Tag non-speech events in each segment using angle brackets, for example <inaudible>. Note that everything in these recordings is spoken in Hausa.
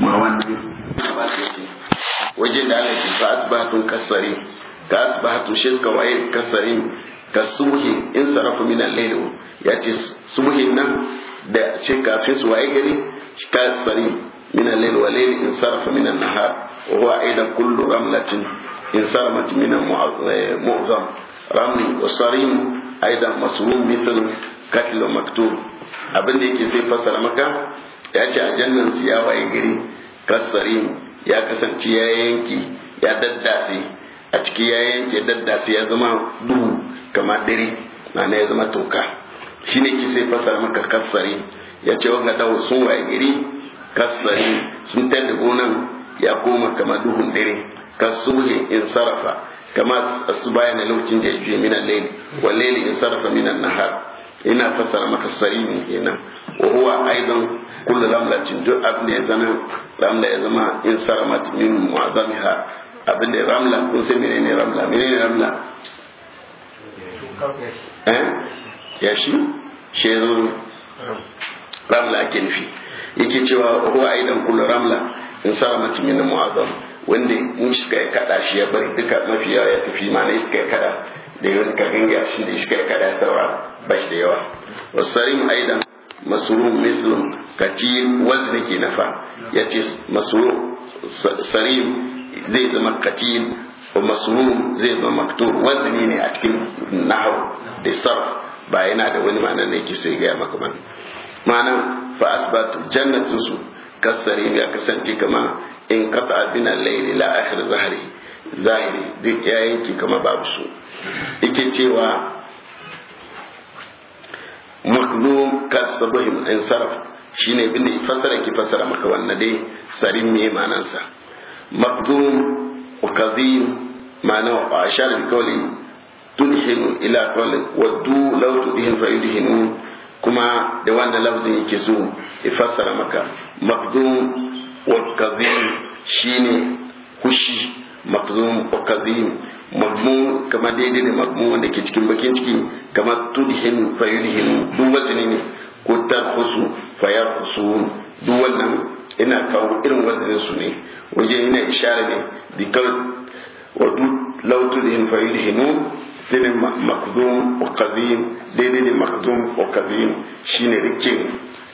ma wannan abbas ya ce wajen da Allah ke fa asbatun kasari ka asbatu shi suka waye kasarin ka subhi in sarafu min al-layl ya ce subhin nan da shi kafin su waye gari kasari min al wa layl in sarafa min an-nahar wa huwa aidan kullu ramlatin in saramat min al-mu'zam eh, ramli wa sarim aidan masrum mithl katl maktub abin da yake sai fasara maka ya ce aljannan su ya waye gari kasari ya kasance ya yanki ya daddase a ciki ya yanke daddase ya zama duhu kamar dare na ya zama toka ne ki sai fasara maka kasari ya ce wanga dawo sun waye gari kasari sun tada gonan ya koma kamar duhun dare kasuhin in sarafa kama su bayan lokacin da ya juye minan laili wa laili in sarafa minan nahar ina fassara maka sahihin kenan wa huwa aidan kullu ramlatin duk abin da ya zama ramla ya zama in sarama min mu'azamiha abin da ramla kun sai menene ramla menene ramla eh ya shi shi ramla ake nufi yake cewa huwa aidan kullu ramla in saramat min mu'azam wanda in suka kada shi ya bari duka mafiya ya tafi ma ne suka kada da yi ka ganga shi da iska ya kada ba shi da yawa wasarin aidan masuru mislum katir wazna ke nafa ya ce masuru sarim zai zama katir masuru zai zama maktur wazni ne a cikin nahawu da sarf ba yana da wani ma'anar ne ke sai gaya maka mana ma'anar fa asbatu jannatin su kasari ya kasance kama in kafa abin laili la akhir zahari zahiri duk ya kamar kama babu su ike cewa makzum kasabahim in saraf shine bin fasara ki fasara maka wannan dai sarin me manansa makzum wa kadim ma'ana wa ashar bi tun tunhinu ila qawli waddu law tudhin fa yudhinu kuma da wannan lafzin yake so ifasara maka makzum wa kadim shine kushi maqzum qazim madmun kama daidai ne madmun wanda ke cikin bakin ciki kama tudhin fayulhin duk wazini ne ko tarhusu fayarhusun duk wannan ina kawo irin wazinin su ne wajen yana isharar ne ودود لو تدهن فيدهنون dinin makzum wa kazim daidai ne makzum wa kazim shine rikin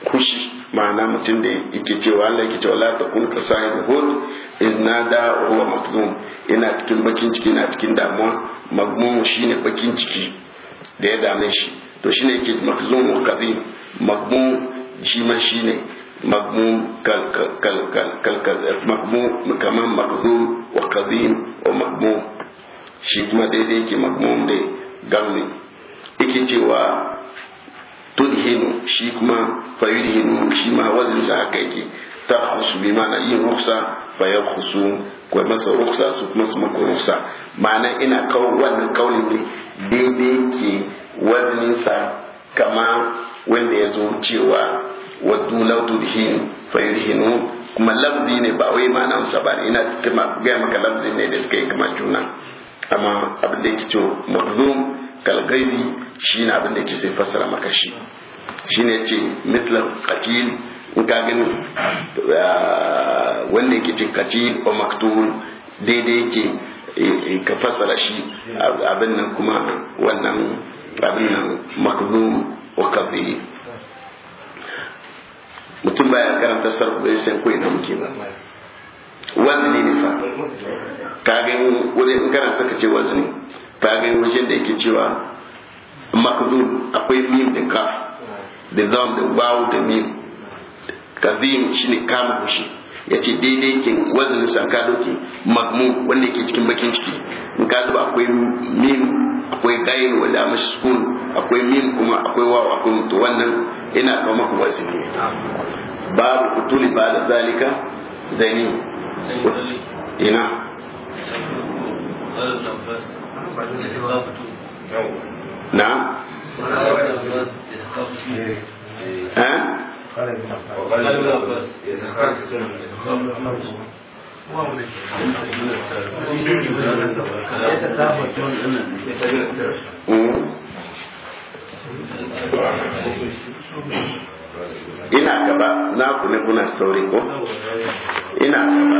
kushi ma'ana mutum da yake cewa Allah yake cewa la takun ka sa'id hud iznada wa huwa ina cikin bakin ciki ina cikin damuwa magmum shine bakin ciki da ya shi to shine yake makzum wa kazim magmum shine مغموم مغموم كمان مغزوم وقديم ومغموم shi kuma daidai yake magmum da gamni yake cewa tudhinu shi kuma fayudhinu shi ma wazinsa haka yake ta hasu bi mana yin ruksa fa ya husu kuwa masa ruksa su kuma su maka ruksa ma'ana ina kawo wannan kaulin ne daidai yake wazinsa kama wanda ya zo cewa waddu law tudhin fayudhinu kuma lafzi ne ba wai ma'anar sa ba ina kuma ga maka lafzi ne da suka yi kama juna amma abin da yake cewa makhzum kal shi shine abin da yake sai fassara maka shi shine ce mitlan qatil in ka gani wanda yake ce qatil o maktul daidai yake eh, ka fassara shi abin nan kuma wannan abin nan makhzum wa kadhib mutum baya karanta sarfu bai san ko na muke ba wazini ne fa ka ga wani in karanta saka ce ne ka ga wajen da yake cewa makzul akwai mim da kaf da zam da wawu da mim shi shine kama shi ya ce daidai ke wazanin ka doki magmu wanda ke cikin bakin ciki in ka zuba akwai min akwai gayin wanda a mashi sukun akwai min kuma akwai wawa akwai mutu wannan yana kawo maka wasu ne babu kutuli ba da zalika zani ina na? Eh. Eh? وقال ابن عباس ina gaba na ku ne kuna sauri ko ina gaba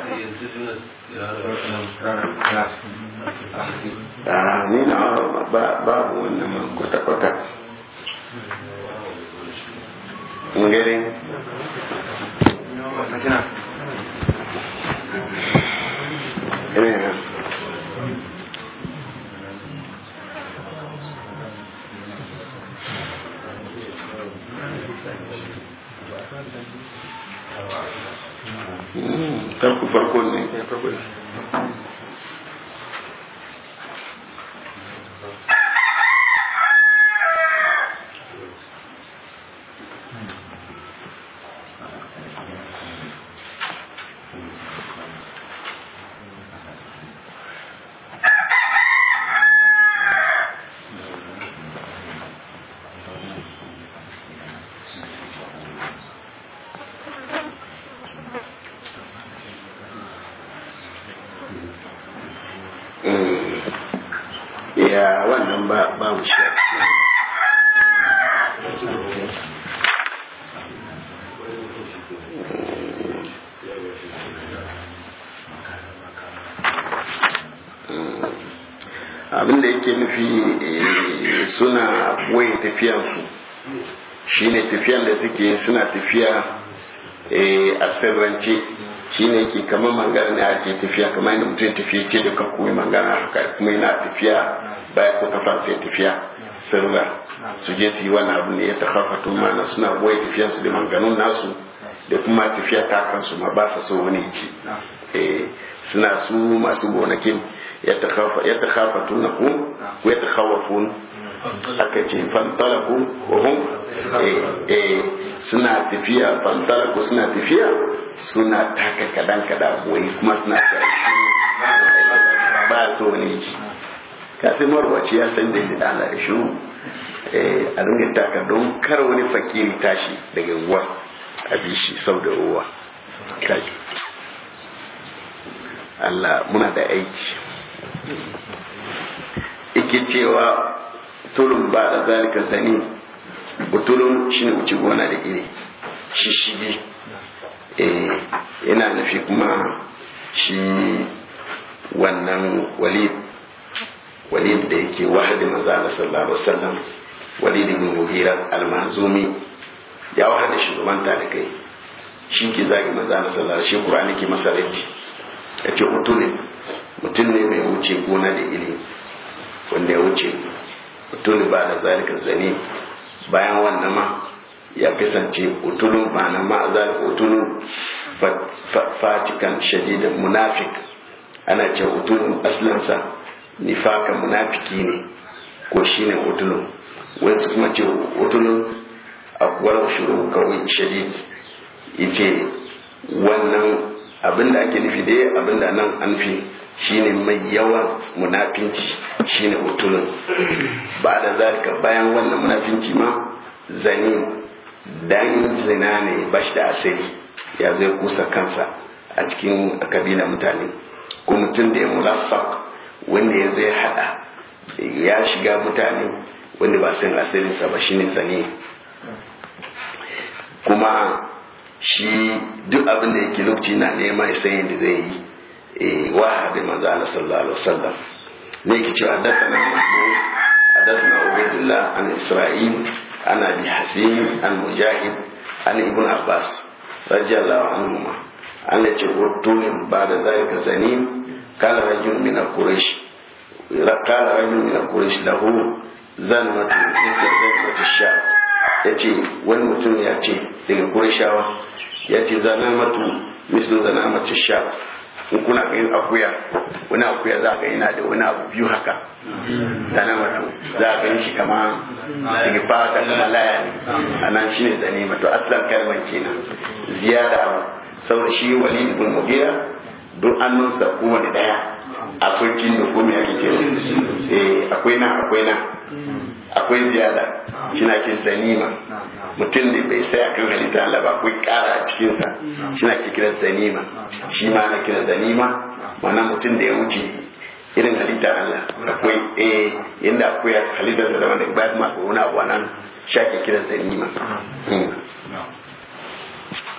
ni na babu wannan kwata-kwata ngere Thank you. я ну, Паркольный. abin da yake nufi eh, suna waye tafiyansu shine tafiyan da suke suna tafiya eh, a sirrance shine yake kamar mangana ne ake tafiya kamar yadda mutum tafiya ce da kuma mangana haka kuma yana tafiya baya so kafa sai tafiya sirra su je su yi wani abu ne ya tun mana suna waye tafiyansu da manganun nasu da kuma tafiya ta kansu ma ba sa so wani ce Eh, suna su masu gonakin ya ta kafa tunaku, ko ya ta kawafun aka ce fantalaku wahun eh, eh, suna tafiya fantalaku suna tafiya suna taka kadan kadan wai kuma suna ba so ne ji kafin marwaci ya san da da ana da shiru a zunga taka don kar wani fakiri tashi daga ruwa a bishi sau da ruwa Allah muna da aiki ike cewa tulun ba da zalika sani butulun ne wuce gona da shi shishige ne yana eh, nufi kuma shi wannan walid walid da yake wahadi na Allah sallallahu alaihi wasallam walid ibn muhira al-mahzumi ya wahada shugaban ta da kai shi ke zagi maza Allah sallallahu alaihi wasallam shi qur'ani ke masa raddi ya ce utunin mutum ne mai wuce gona da ilimi wanda ya wuce utunin ba da zalika zane bayan wannan ma ya kasance utulun ba na ma zalika utulun fatikan shadidan munafik ana ce utunin aslansa nifaka munafiki ne ko shine utunin wasu kuma ce utunin akwai shuru kawai shadid yace wannan abinda ake nufi dai abinda nan an fi shine mai yawan munafinci shine utulun ba da zalika bayan wannan munafinci ma zani dan zina ne ba da asiri ya zai kusa kansa a cikin kabila mutane ko mutum da ya mulasak wanda ya zai hada ya shiga mutane wanda ba sai asirinsa ba shine zani kuma shi duk abin da yake lokaci na nema ya san da zai yi eh, wa hadin manzo Allah sallallahu alaihi wasallam ne yake cewa hadathana mahmud hadathana ubaydullah an isra'il an abi hasim an mujahid an ibn abbas radiyallahu anhu an ce wato wurtun ba da zai ka zanim kala rajul min quraish kala rajul min quraish lahu zanmatu isra zanmatu shaq ya ce wani mutum ya ce daga kurashawa ya ce zana matu mislu zana mace sha in kuna yin akuya wani akuya za yi na da wani abu biyu haka zana matu za a yi shi kama daga fata kuma laya ne a nan shi ne zane matu aslan kalman kenan ziyara abu saboda shi wali ibn mugira duk kuma da daya a jin da ya ake ce eh, akwai na akwai na akwai ziyara. shina ke zanima mutum da bai sai kan halitta Allah ba kuwa kara a cikinsa shina ke kiran zanima shi ma na kiran zanima wannan mutum da ya wuce irin halitta Allah akwai eh inda akwai halitta da wanda ba ma ko wani abuwa nan shake kiran zanima hmm.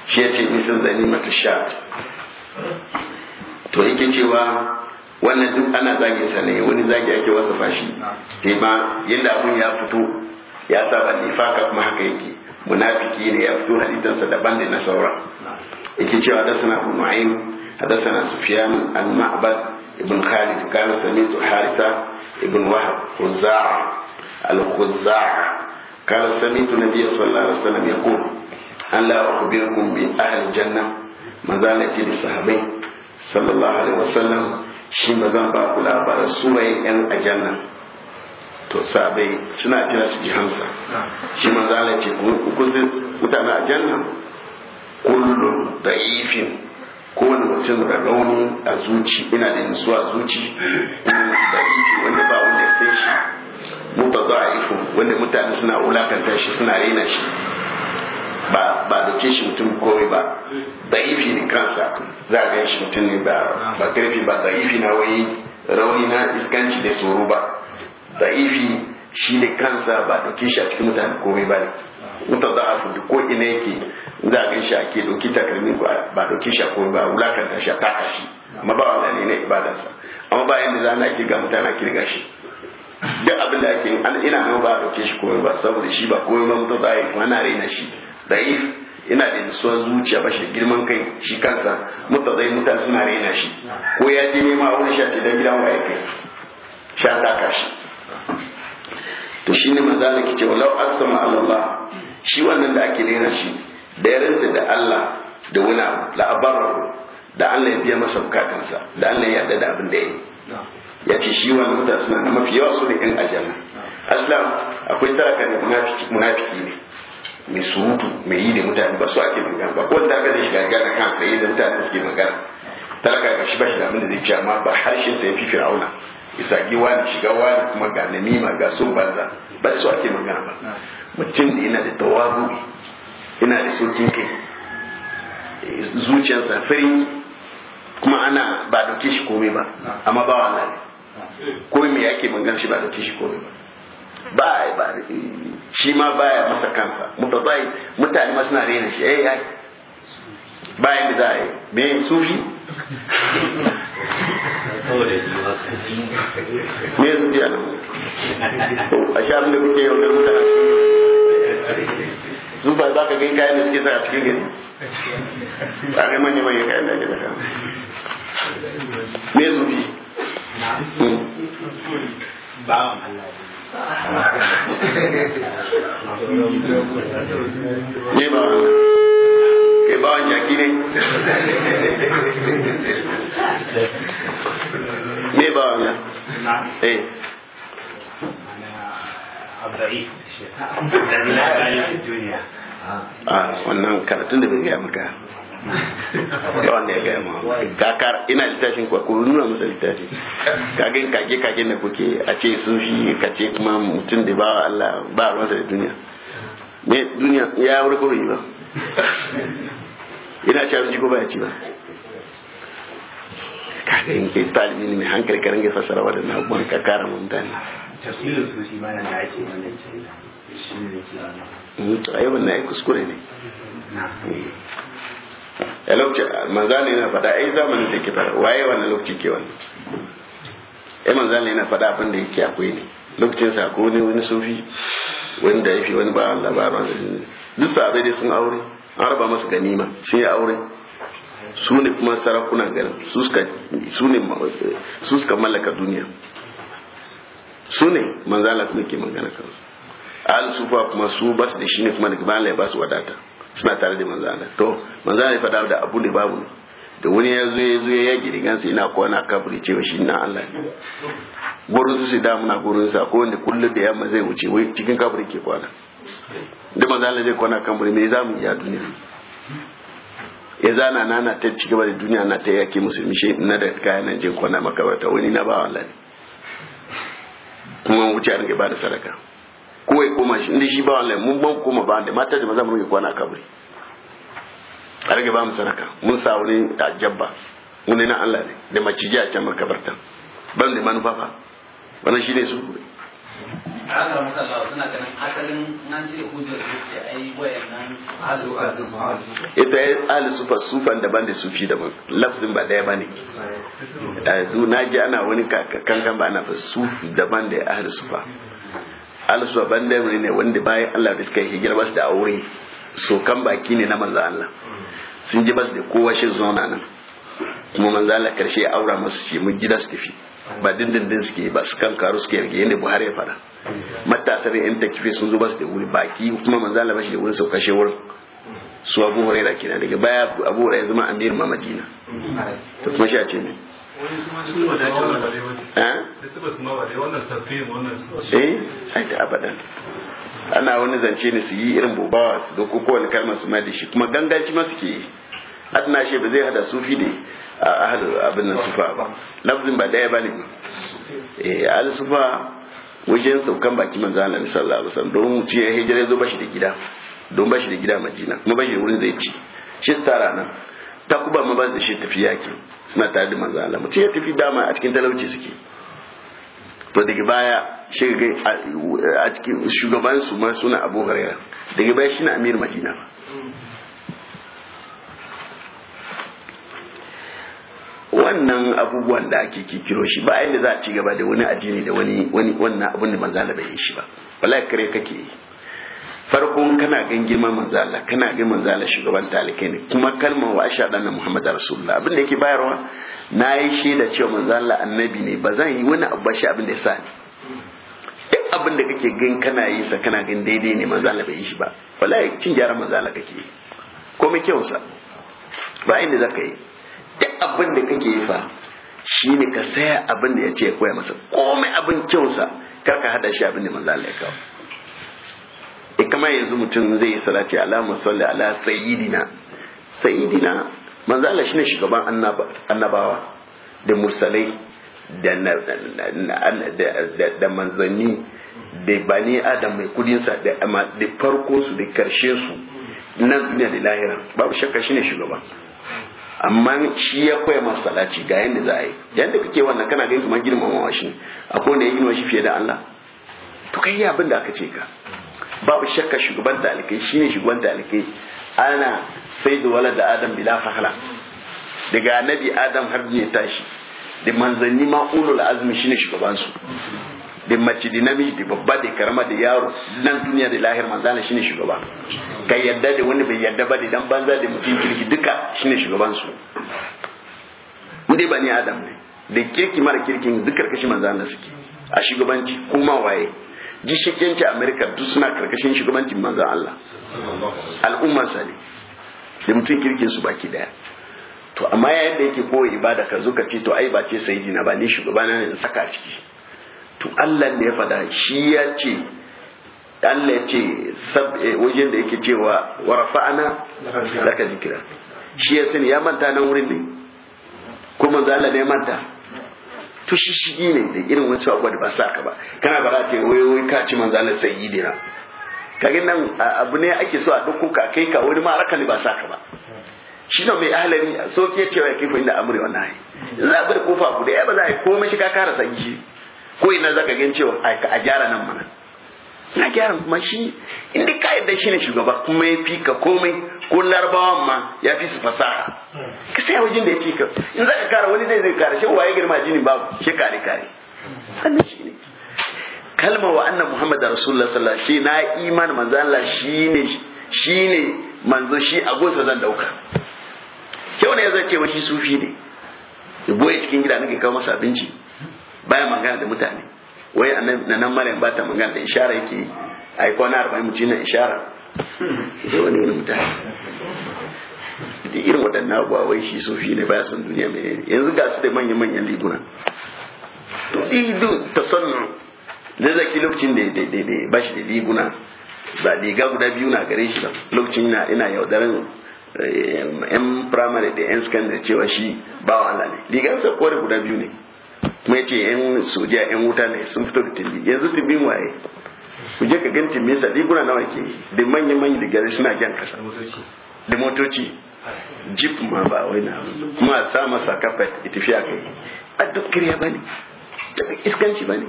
shi ce nisan zanima ta sha to yake cewa wannan duk ana zagin sa ne wani zagi ake wasa fashi sai yadda abun ya fito ya saba nifaka kuma haka yake munafiki ne ya fito hadisansa daban ne na saura. yake cewa da sana ibn nu'aim hada sana sufyan al-ma'bad ibn khalid kana samitu haritha ibn wahab al-khuzaa kana samitu nabiy sallallahu alaihi wasallam yaqul an la ukhbirukum bi ahli jannah madalati lisahabin sallallahu alaihi wasallam shi ba zan ba ku labarin su mai yan ajanna to sabai suna jira su ji hansa shi manzo Allah ce ku zai mutane a janna kullun da'ifin wani mutum da rauni a zuci ina da nutsuwa a zuci da'ifi wanda ba wanda ya san shi muta da'ifu wanda mutane suna wulakanta shi suna raina shi ba ba da ke shi mutum komai ba da'ifi ne kansa za a shi mutum ne ba ba karfi ba da'ifi na wai rauni na iskanci da tsoro ba da'ifi shi ne kansa ba dauke shi a cikin mutane komai ba ne mutum za a fudu ko ina yake za a gan shi ake dauki takarmi ba dauke shi a komai ba da shi a taka shi amma ba wanda ne na ibadarsa amma bayan da za na kirga mutane kirga shi duk abin da ake an ina nan ba dauke shi komai ba saboda shi ba komai ba mutum a yi na raina shi da'if ina da nutsuwar zuciya ba shi girman kai shi kansa mutum zai mutan suna raina shi ko ya je nema wani a ce dan gidan waye kai a taka shi to shi ne Allah ke cewa law aqsama Allah shi wannan da ake rera shi da ya rantsa da Allah da wani abu da Allah ya biya masa bukatansa da Allah ya yi da abin da yi ya ce shi wannan mutane suna na mafi yawa su ne yan aljanna aslam akwai talaka ne munafiki ne mai surutu mai yi da mutane ba su ake magana ba wanda aka zai shiga gana kan tsaye da mutane suke magana talaka ga shi ba shi da abin da zai ce amma ba harshen sa ya fi fir'auna isagi wani shiga wani kuma ga nanima ga sun banza ba su ake magana ba mutum da yana da tawazu yana da sokin kai zuciyarsa fari kuma ana ba dauke shi kome ba amma ba wannan ko me yake magana shi ba dauke shi kome ba ba ba shi ma baya masa kansa mutane ma suna rena shi eh bayan da za a yi me sufi me sufi a sha abin da kuke mutane su zuba za ka gani kayan da suke a cikin a manya manya kayan da ake da me sufi ne ba jaki ne me ba wa wannan eh a ah, wannan karatun da bai gaya maka ga wanda ya gaya mawa kakar ina littafin kuwa ku nuna musa littafi kagen kage kage da kuke a ce sun shi ka ce kuma mutum da ba wa Allah ba ruwa da duniya me duniya ya wuri kuri ba ina ci abinci ko baya ci ba kaga in kai talibi ne mai hankali ka ringa fasara na abubuwan ka kara ma mutane tafsirin su shi ma na ake wannan shi ne ke a yau na yi kuskure ne a eh, lokacin manzana yana faɗa ai zamanin da ke fara waye wannan lokaci ke wannan ai manzana yana faɗa abin da yake akwai ne lokacin sa ko ne wani sufi wani da wani ba Allah ba ba duk sabai dai sun aure an raba masa ganima sun yi aure su ne kuma sarakunan garin su suka mallaka duniya su ne manzala kuma ke magana kan al sufa kuma su ba su da shi ne kuma daga bayan ba su wadata suna tare da manzala to manzala ya faɗa da abu da babu ne da wani ya zo ya zo ya yage rigansa yana kwana kafiri cewa shi na Allah ne gurin su da muna gurin sa ko wanda kullum da yamma zai wuce wai cikin kafiri ke kwana duk manzo Allah zai kwana kan buri me zamu iya duniya ya zana na na ta cigaba da duniya na ta yake musulmi shi na da kayan nan jin kwana makabarta wani na ba Allah kuma wuce an ba da sadaka ko ya koma shi inda shi bawan Allah mun ban koma ba da mata da maza mun kwana kaburi a rage ba mu sadaka mun sa wani jabba wani na Allah ne da maciji a can makabarta ban da manufa ba wannan shine su akara mutallawa suna ganin asalin nan ce hujjar zuciya ai wayannan azu ita ya al sufa sufan daban da sufi daban lafzin ba daya bane yanzu eh, na ji ana wani kankan ba ana fa sufi daban da ahli sufa ahli sufa ban da ne wanda bayan Allah da suka yi hijira ba su da aure so kan baki ne na manzo Allah sun ji basu da kowa shi zauna nan kuma manzo Allah karshe ya aura masu ce mun gida su tafi ba dindindin suke ba su kan karu suke rige yadda Buhari ya fada matasar yan takfir sun zo ba su da wuri baki kuma manzo Allah ba shi da wurin sauka shi wurin su Abu Hurairah kenan daga baya Abu Hurairah zama amir ma Madina to kuma shi a ce ne eh? eh? ana wani zance ne su yi irin bobawa su ko wani kalmar su mai da shi kuma ganganci ma suke yi adna shi ba zai hada sufi da ahal abin sufa ba lafzin ba daya ba ne eh al sufa wajen saukan baki manzo Allah sallallahu alaihi wasallam don mu ce hijira zo bashi da gida don bashi da gida Madina kuma bashi wurin zai ci shi tsara nan ta ma ba bazai shi tafi yaki suna tare da manzo Allah mu ya tafi dama a cikin talauci suke to daga baya shi a cikin shugaban su ma suna Abu Hurairah daga baya shi na Amir Madina wannan abubuwan da ake kikiro shi ba inda za a ci gaba da wani ajini da wani wani wannan abin da Allah bai yi shi ba wallahi kare kake yi farkon kana gan girman Allah kana gan Allah shugaban talikai ne kuma kalmar wa asha dan Muhammad Rasulullah abin da yake bayarwa na yi da cewa Allah annabi ne ba zan yi wani abu ba shi abin da ya sa ni duk abin da kake gan kana yi sa kana gan daidai ne Allah bai yi shi ba wallahi cin gyaran Allah kake yi komai kyau sa ba inda zaka yi duk abin da kake yi fa shi ne ka saya abin da ya ce ya koya masa komai abin kyausa kar ka hada shi abin da manzo Allah ya kawo e eh, kama yanzu mutum zai yi salati ala musalli ala sayyidina sayyidina manzo Allah shine shugaban annabawa da mursalai da da manzanni da bani adam mai kudinsa da farko su da karshe su nan duniya da lahira babu shakka shine shugaban amma shi ya koya masa salati ga yanda za a yi yanda kake wannan kana ganin kuma girmamawa shi akwai wanda ya girma shi fiye da Allah to kai abin da aka ce ka babu shakka shugaban dalikai shine shugaban dalikai ana sai da wala da adam bila fahla daga nabi adam har ya tashi da manzanni ma ulul azmi shine shugaban su da mace da namiji da babba da karama da yaro nan duniya da lahir manzana shine shugaba ka yadda da wani bai yadda ba da dan banza da mutum kirki duka shine shugaban su dai bani adam ne da kirki mara kirkin duk karkashin manzana suke a shugabanci kuma waye Ji shekenci america duk suna karkashin shugabanci manzan Allah al'ummar sa da mutum kirkin su baki daya to amma yayin da yake koyi ibada ka zo ka ce to ai ba ce sayyidina ba ni shugabana ne in saka ciki to Allah da ya fada shi ya ce Allah ya ce eh, wajen da yake cewa wa rafa'ana laka zikira shi ya sani ya manta nan wurin ne ko manzo Allah ne ya manta to shi shi ne da irin wani abubuwa da ba sa ka ba kana ba za ka yi wai ka ci manzo Allah sayyidina kage nan abu ne ake so a duk ka kai ka wani ma ne ba sa ka ba shi sa mai ahalari so ke cewa ya kai fa inda amuri wannan ai za a bar kofa guda ya ba za a yi komai shi ka kara shi ko ina zaka gani cewa a gyara nan mana na gyara kuma shi inda ka yadda shi ne shugaba kuma ya fi ka komai ko larabawa ma ya fi su fasaha ka sai wajen da ya ce ka in za ka kara wani zai zai kara shi waye girma jini babu shi kare kare wannan shi ne kalma wa annan muhammad rasulullah sallallahu alaihi wasallam na iman manzo Allah shine ne manzo shi a gosa zan dauka kyau ne ya zace wa shi sufi ne ya boye cikin gida nake kawo masa abinci baya magana da mutane wai annabi nan maryam ba ta magana da ishara yake ai kwana 40 mu na ishara sai wani wani mutane da irin waɗannan abuwa wai shi sufi ne baya son duniya mai ne yanzu ga su da manya-manyan liguna to idu ta son da zaki lokacin da ba shi da liguna ba liga guda biyu na gare shi ba lokacin na ina yaudarin eh, yan primary da yan secondary cewa shi bawa Allah ne ligansa kore guda biyu ne mai ce yan soja yan wuta ne sun fito da tilbi yanzu tilbin waye ku je ka ganti me sadi gura nawa ke da manyan manyan digare suna gyan kasa da motoci jeep ma ba wai na kuma sa masa kafet itifiya kai a duk kiriya bane iskanci bane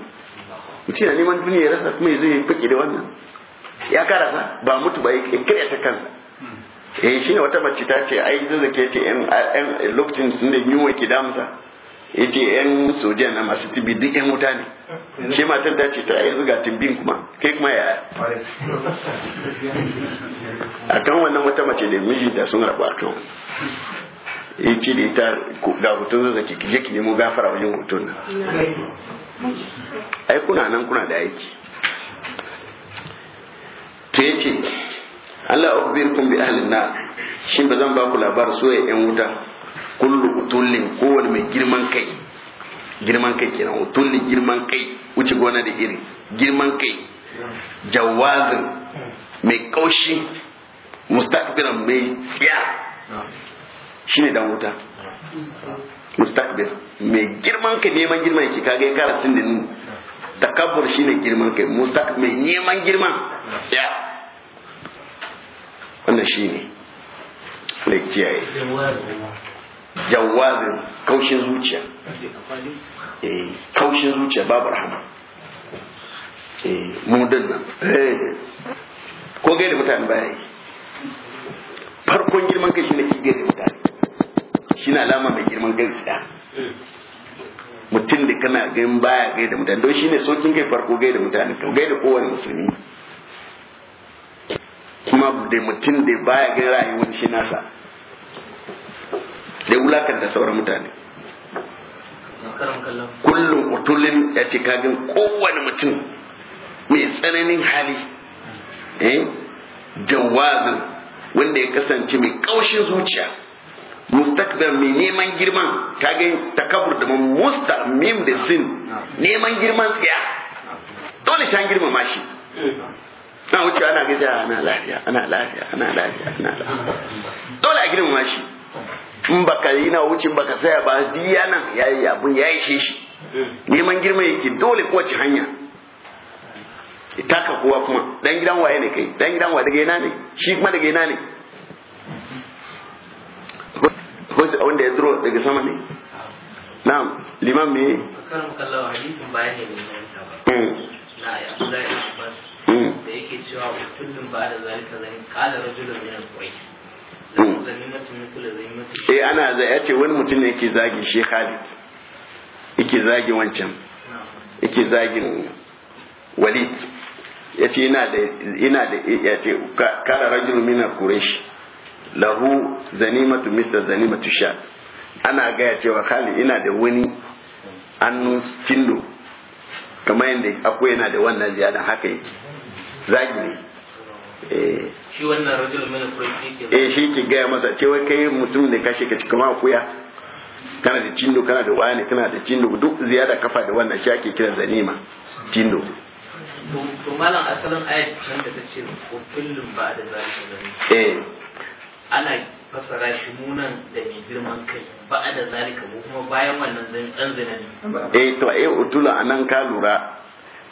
mutum na neman duniya ya rasa kuma ya zo ya fake da wannan ya karasa ba mutu ba ya kirya ta kansa hmm. eh shine wata mace ta ce ai zazzake ce yan lokacin sun da yiwuwa ke damusa yace yan soja na masu tibi duk yan wuta ne ke matan ta ce ta yanzu ga timbin kuma kai kuma ya a kan wannan wata mace da da sun rabu a kan ya ce da ita ga hoton zuwa ki kije ki nemo gafara wajen hoton nan ai kuna nan kuna da aiki to yace Allah ukbirkum bi ahlin nar shin ba zan ba ku labar yan wuta kullu utullin kowane mai girman kai girman kai kenan utullin girman kai wuce gona da iri girman kai jawazin mai kaushi mustaqbiran mai tsiya shine dan wuta mustaqbir mai girman kai neman girman yake kaga ya kara sin da takabbur shine girman kai mustaqbir mai neman girman ya wannan shine ne jawabin kaushin zuciya eh kaushin zuciya babu rahama eh mu nan eh ko gaida mutane baya yi farkon girman kai shine ki gaida mutane shine alama mai girman kai tsaya mutum da kana ganin baya gaida mutane don shine sokin kai farko gaida mutane to gaida kowane musulmi kuma da mutum da baya ganin rayuwar shi nasa da wulakanta sauran mutane kullum utulin ya ce kagin kowane mutum mai tsananin hali eh jawazin wanda ya kasance mai kaushin zuciya da mai neman girman kagin takabur da musta mim da sin neman girman tsiya dole shan girma mashi na wuce ana gajiya ana lafiya ana lafiya ana lafiya ana lafiya dole a girma mashi in ka yi na wucin ka saya ba jiya nan ya yi abin ya ishe shi neman girma yake dole kowace hanya ka kowa kuma dan gidan waye ne kai dan gidan wa daga ina ne shi kuma daga ina ne wasu wanda ya zuro daga sama ne na'am liman me karam kallawa hadisin bayan ne ne hmm. na ya Abdullahi Abbas hmm. da yake cewa kullum ba da zalika zai kala rajulun min al Hmm. eh ana za ya ce wani mutum ne yake zagin shi Khalid yake zagin wancan yake zagin Walid ya ce ina da ina da ya ce kana rajul min Quraysh lahu zanimatu misla zanimatu sha ana gaya cewa Khalid ina da wani annu tindo kamar yadda akwai yana da wannan ziyadan haka yake zagi ne Eh. shi wannan rajul min eh shi ke gaya masa cewa kai mutum ne kashe ka cikin akuya kana da jindo kana da wani kana da jindo duk ziyada kafa da wannan shi ake kira zanima jindo to malam asalin ayat can da ta ce ko kullum ba da zalika eh ana fasara shi munan da mai girman kai ba da zalika ko kuma bayan wannan dan zina ne eh to eh utula anan ka lura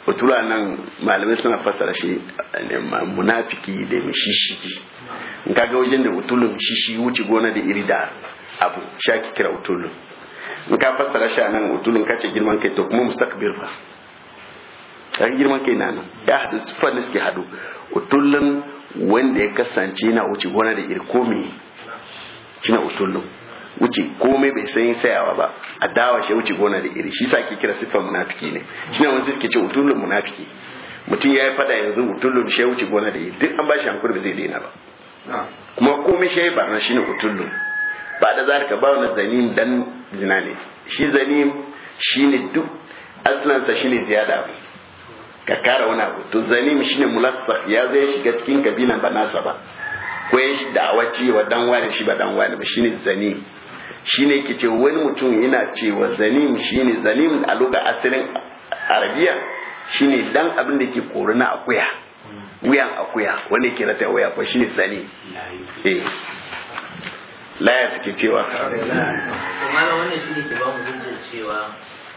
utura nan malamai suna fassara shi eh, munafiki da shishigi in kaga wajen da utulun shishi wuce gona da iri da abu shaki kira utulun in ka fassara shi nan utulun kace girman kai to kuma mustakbir fa kaga girman kai nan ya hadu sifar da suke hadu utulun wanda ya kasance yana wuce gona da iri me shine utulun wuce komai bai san sayawa ba a dawa shi wuce gona da iri shi sa ke kira siffar munafiki ne shi ne wasu suke ce utulun munafiki mutum ya yi fada yanzu utulun shi wuce gona da iri duk an ba shi hankuri ba zai daina ba kuma komai shi ya yi barna shi ne utulun ba da za ka ba wani zanin dan zina ne shi zanin shi ne duk aslansa shi ne ziyada ka kara wani abu to zanin shi ne mulassaf ya zai shiga cikin kabilan ba nasa ba ko ya shi da'awa cewa dan wani shi ba dan wani ba shi ne zanin. shine yake ce wani mutum yana cewa zanim shine zanim a lokacin asirin arabiya shine dan abin da ke kori na akuya wuyan akuya wanda ke rata waya ko shine zanim eh laya suke cewa kuma wannan ne ke ba mu hujjar cewa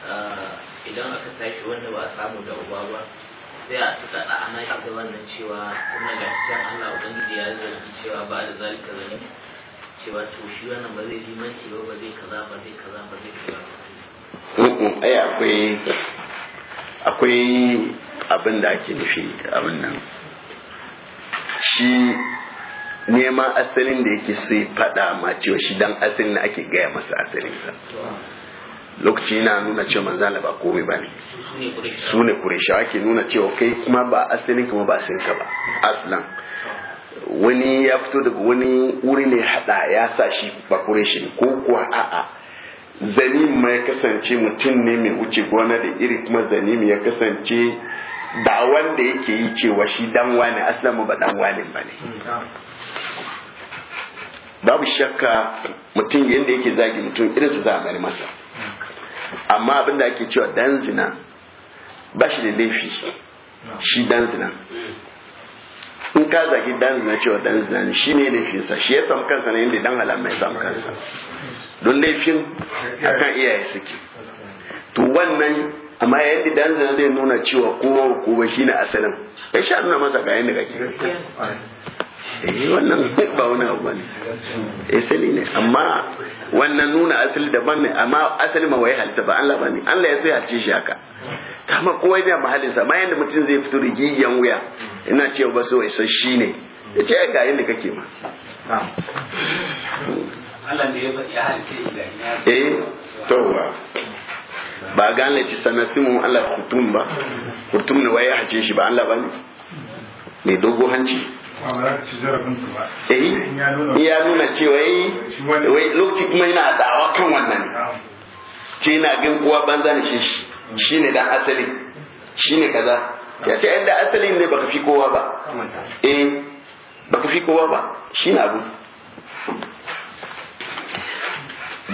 eh, idan aka tashi wanda ba a samu da uba ba sai a tuka da ana yi da wannan cewa kuma ga cikin Allah ubangiji ya zargi cewa ba da zalika zalim cewa ba zai ai akwai akwai da ake nufi abin nan shi neman asalin da yake sai fada faɗa ma cewa shi dan asalin da ake gaya masa asalin sa lokaci yana nuna cewa manzala ba komai ba ne su ne kureshawa ke nuna cewa kai kuma ba asalin kuma ba asalin ka ba aslan wani ya fito daga wani wuri ne hada ya sa shi bakure shi ko kuwa a'a zanim mai kasance mutum ne mai wuce gona da iri kuma zanin ya kasance da wanda yake yi cewa shi dan wani aslamu ba dan wani ba ne babu shakka mutum yadda yake zagi mutum irin su za a bari masa amma abinda ake cewa dan zina ba shi da laifi shi dan zina in ka zagi dan zina cewa dan zina ne shi ne laifinsa shi ya samu kansa ne inda dan halam mai samu kansa don laifin akan iyaye suke to wannan amma yadda dan zina zai nuna cewa kowa ko shi ne asalin ya sha nuna masa ga yanda kake eh wannan <laughs> ba wani abu ne sani ne amma wannan nuna asali daban ne amma asali ma wai halitta ba Allah bane Allah ya sai ya ce shi haka kama kowa yana mahalinsa bayan da mutum zai fito rigiyan wuya ina cewa ba su isa shi ne ya ce ga yadda kake ma eh tawwa ba ga Allah ci sanasimu Allah kutum ba kutum ne waye hace shi ba Allah bane ne dogo hanci eh ya nuna cewa wai lokaci kuma yana da'awa kan wannan ce na gan uwa banza ne shi Shi shine dan shi ne kaza ya ce inda asalin ne baka fi kowa ba eh baka fi kowa ba shi na abu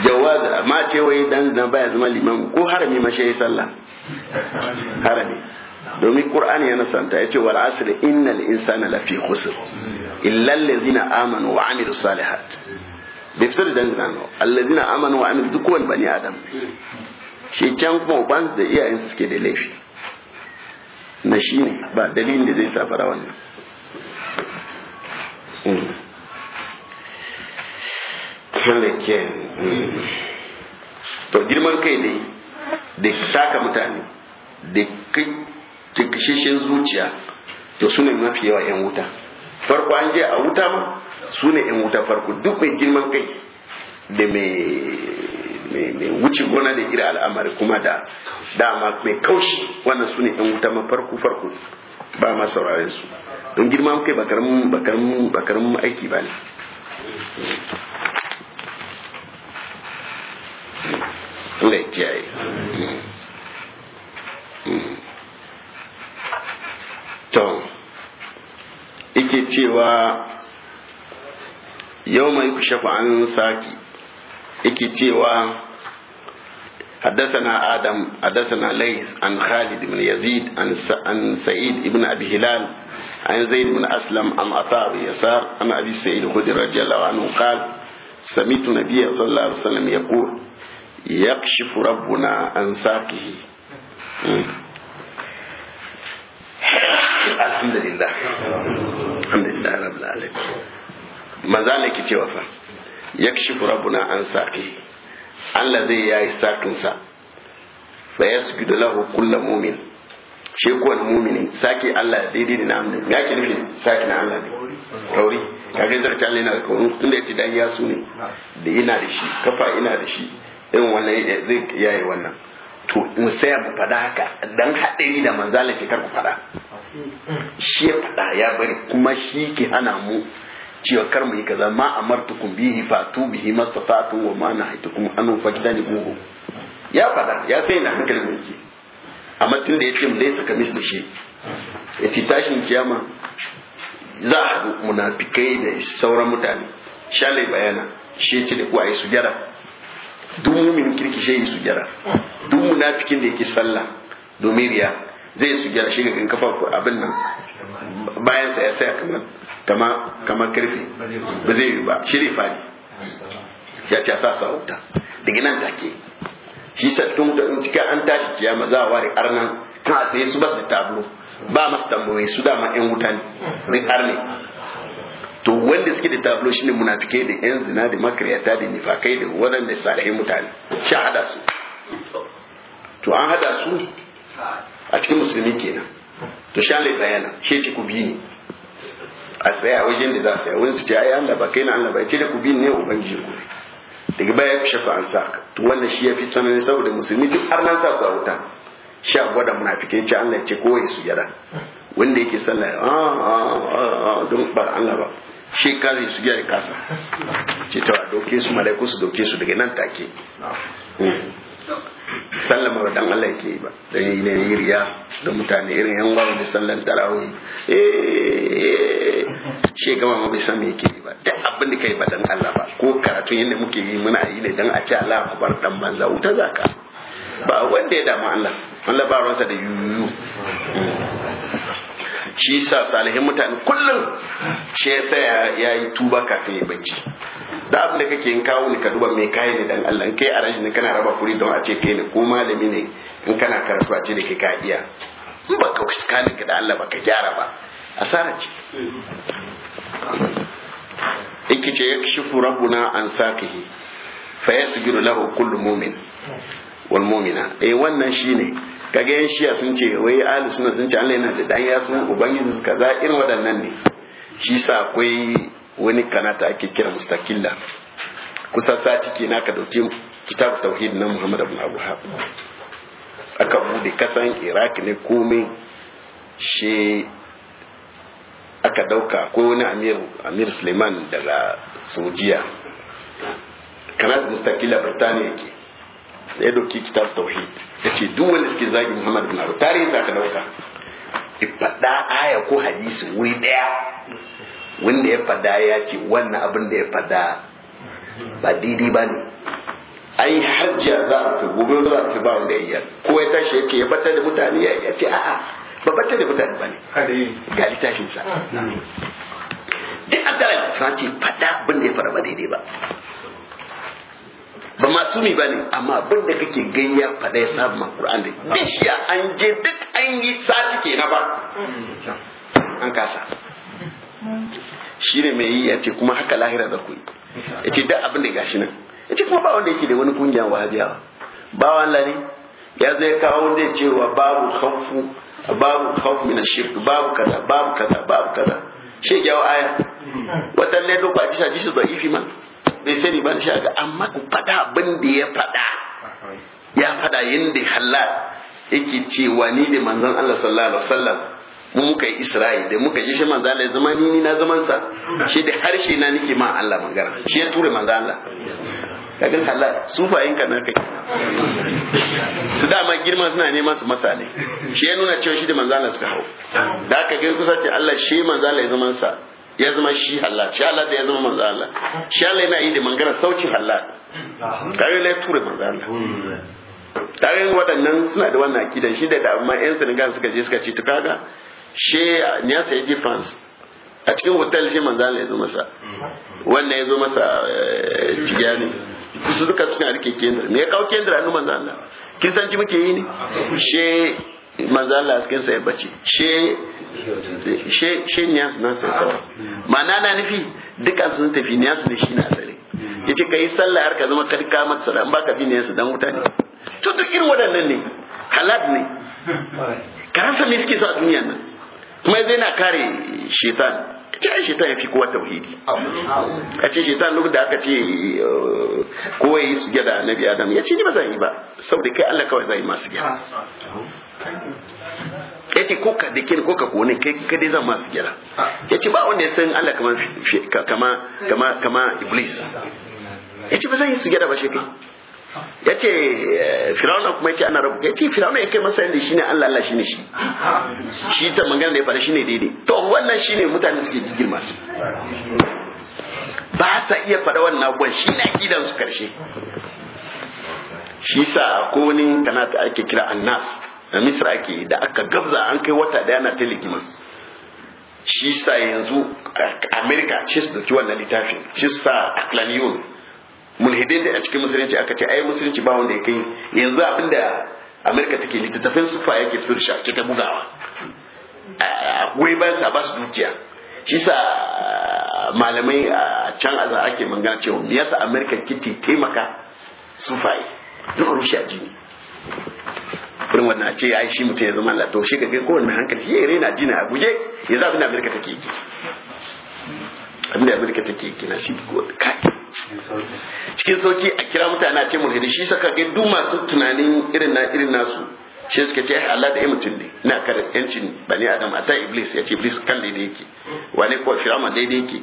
jawaz ma ce wai dan na baya zama liman ko harami ma shi sallah harami domin qur'ani ya nasanta yace wal asr innal insana lafi khusr illa allazina amanu wa amilus salihat bai fitar da dangana allazina amanu wa amilus duk wani bani adam shi can kuma ubansu da iyayensu suke da laifi na shi ne ba dalilin da zai safara wannan hmm. to girman kai ne da taka mutane da kashashen zuciya to su ne mafi yawa 'yan wuta farko an je a wuta ma su ne 'yan wuta farko duk mai girman kai da mai mai wuce gona da iri al'amari kuma da dama mai kaushi wannan su ne yan wuta ma farko ba ma sauraren su don girma kai ba aiki ba ne Allah kiyaye. ike cewa yau mai kushe an saki yake cewa حدثنا آدم حدثنا ليث عن خالد بن يزيد عن, س... عن سعيد بن أبي هلال عن زيد بن أسلم عن عطاء يسار عن أبي سعيد الخدري رضي الله عنه قال سمعت النبي صلى الله عليه وسلم يقول يكشف ربنا عن ساقه الحمد لله الحمد لله رب العالمين ما ذلك يتوفى yakshifu rabbuna an saqi Allah zai yayi sakin sa fa yasjudu lahu kullu mu'min shi wani mumini Saki Allah daidai da namu ne ya ke nufi sake na Allah ne kauri ga zarta Allah yana da kauri da yace dan yasu ne da ina da shi kafa ina da shi irin wannan zai yayi wannan to in sai mu fada haka dan hadari da manzalin ce kar ku fada shi ya fada ya bari kuma shi ke hana mu cewa kar mu yi kaza ma amartukum bihi fatu bihi mastata'tum wa ma nahaytukum anhu fajtanibuhu ya fada ya sai na hankali mun ce amma tun da yace mu dai saka mis shi yace tashin kiyama za a hadu munafikai da sauran mutane shalai bayana shi yace da kuwa yi sujara duk mumin kirki shi yi sujara duk munafikin da yake sallah domin riya zai sujara shi ga kan kafa abin nan bayan sa ya saya kamar kamar kamar karfe ba zai yi ba shiri fadi ya ce sa su wuta daga nan take shi sa cikin wuta in cikin an tashi kiyama za a ware arnan kan a tsaye su ba su tablo ba masu tambayoyi su dama yan wuta ne rikar arne to wanda suke da tabo shine munafike da yan zina da makariyata da nifakai da waɗanda salihin mutane sha hada su to an hada su a cikin musulmi kenan to sha bayana she ce ku bi ni a tsaya wajen da za a tsaya wani su ce ai Allah ba kai na Allah ba ce da ku bi ne ubangiji ku daga baya ku shafa an sa to wannan shi ya fi sanani saboda musulmi duk har nan sa ku a wuta sha gwada munafikai ce Allah ce kowai su yada wanda yake sallah a ah, a ah, ah, don ba Allah ba shi kare su ya kasa ce ta doke su malaiku su doke su daga nan take hmm. sallama wa dan Allah yake ba da yi ne riya da mutane irin yan gwawo da sallan tarawih eh shi gama ma bai san me yake ba da abin da kai ba dan Allah ba ko karatu yanda muke yi muna yi ne dan a ce Allah bar dan manzo wuta zaka ba wanda ya damu Allah Allah ba ruwansa da yuyu shi sa salihin mutane kullum shi ya ya yi tuba kafin ya bacci da abin da kake in kawo ni ka duba me kai ne dan Allah in kai a ne kana raba kuri don a ce kai ne ko malami ne in kana karatu a ce da kai ka iya in ba ka ka da Allah ba ka gyara ba asara ce yake ce yakshifu rabbuna an sakihi fa yasjudu lahu kullu mu'min wal mu'mina eh wannan shine kaga yan shiya sun ce wai ahlus sunna sun ce Allah yana da dan sun ubangiji su za irin waɗannan ne shi sa akwai wani kanata ake kira mustakilla kusa sati ke naka dauke kitab tauhid na muhammad abu abu aka bude kasan iraq ne komai she aka dauka ko wani amir amir suleiman daga sojiya kanat mustakila birtaniya ke ya dauki kitab tauhid ya ce duk wanda suke zagi muhammad bin abu tarihi sa ka dauka ifada aya ko hadisi wuri daya wanda ya fada ya ce wannan abin da ya fada ba didi ba ne ai hajjiya za a fi gobe za a fi ba wanda ya ko ya tashi ya ce ya batar da mutane ya ce a ba batar da mutane ba ne ga littafin sa ah, duk a tara littafin ce fada abin da ya fara ba daidai ba ba masu mi ba ne amma abin da kake gani ya fada ya samu ma Qur'an da dishiya an je duk an yi sati ke na ba hmm. an kasa shine mai yi yace kuma haka lahira za ku yi ya duk abin da gashi nan yace kuma ba wanda yake da wani kungiyar wahabiyawa ba wanda ne ya zai kawo wanda ya wa babu khawfu babu khawf min shirk babu kaza babu kaza babu kaza shi ya aya wata ne duk ba hadisi da ifi ma bai sani ba shi ga amma ku fada abin da ya fada ya fada yanda halal yake cewa ni da manzon Allah sallallahu alaihi wasallam mu muka yi isra'i da muka ji shi manzo Allah zama ni ni na zaman sa shi da harshe na nake ma Allah magana shi ya ture manzo Allah kaga Allah sufayin ka na kai su dama girma suna neman su masa ne shi ya nuna cewa shi da manzo Allah suka hau da ka ga kusa ce Allah shi manzo Allah ya zaman sa ya zama shi Allah shi Allah da ya zama manzo Allah shi Allah yana yi da mangara sauci Allah kaga lai ture manzo Allah tare waɗannan suna da wannan akidan shi da amma yan Senegal suka je suka ce tukaga she ya sayi difference a cikin hotel shi manzan ya zo masa wannan ya zo masa cigiya eh, ne su duka suna rike kendra me ya kawo kendra nu manzan Allah kiristanci muke yi ne she manzan Allah cikin sa ya bace she she she niyas na sai sawa ma'ana na nufi duka sun tafi niyas ne shi na asali yace kai sallah har ka zama karka mata sallah in baka bi niyas dan wuta ne to duk irin waɗannan ne halad ne karasa me suke so a duniyan nan kuma zai na kare shetan ce shetan ya fi kowa tauhidi a ce shetan lokacin da aka ce uh, kowa yi su gyada annabi adam ya ce ni ba zai yi ba saboda kai Allah kawai zai masu gyara ya ce ko ka dake ko ka kone kai ka dai zan masu gyara ya ce ba wanda ya san Allah kama kama kama iblis ya ce ba zai yi su gyara ba shekai ya ce eh, firawuna kuma ya ce ana rabu ya ce firawuna kai masa yadda shine Allah Allah shine shi shi ta magana da ya fara shine daidai to wannan shine mutane suke jigil masu ba sa iya faɗa wannan abubuwan shi na gidan su karshe shi sa ko wani ta ake kira annas na misra ake da aka gabza an kai wata daya na telekiman shi sa yanzu america ce su doki wannan littafin shi sa aklaniyun mulhidin da a cikin musulunci aka ce ai musulunci ba wanda ya kai yanzu abinda amerika take littattafin sufa yake fito da shafi ta bugawa goyi bayan sa ba su dukiya shi sa ah, malamai ah, a can azar ake mangana cewa me yasa amerika kiti taimaka sufaye duk rushe a jini irin wannan a ce ai shi mutum ya zama lato shi gaggai mai hankali ya rena jina a guje ya za abin da amerika take yi abin da amerika take yi kina shi kai cikin sauki a kira mutane a ce da shi saka ga duk masu tunanin irin na irin nasu shi suka ce Allah da mutum ne ina kare yancin bani adam a ta iblis ya ce iblis kan daidai yake wani ko shirama daidai yake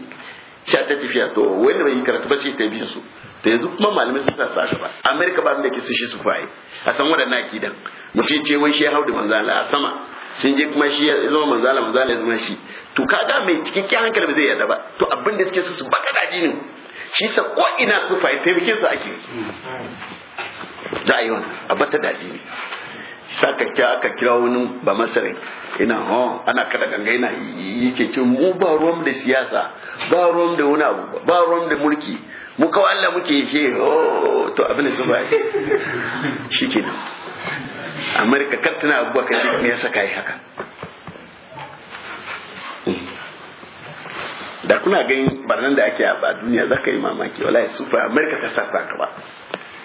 sha ta tafiya to wani bai yi karatu ba shi ta bi su to yanzu kuma malamai sun sa saka ba Amerika ba da ke su shi su faye a san waɗannan akidan mutum ce wai shi haudu manzala a sama sun je kuma shi ya zama manzala manzala ya zama shi to kaga mai cikakken hankali ba zai yada ba to abin da suke su su baka daji ne shi sa ko ina su fa taimakin su ake za a yi wani a bata ne sa ka kya aka kira wani ba masare ina ho oh, ana kada ganga ina yi ce mu ba ruwan da siyasa ba ruwan da wani abu ba ruwan da mulki mu kawai Allah muke yake ho oh, to abin su ba shikenan Amerika kar tana abubuwa kace me yasa kai haka da kuna ganin barnan da ake a duniya za ka yi mamaki wala su sufa amerika ta sassa ka ba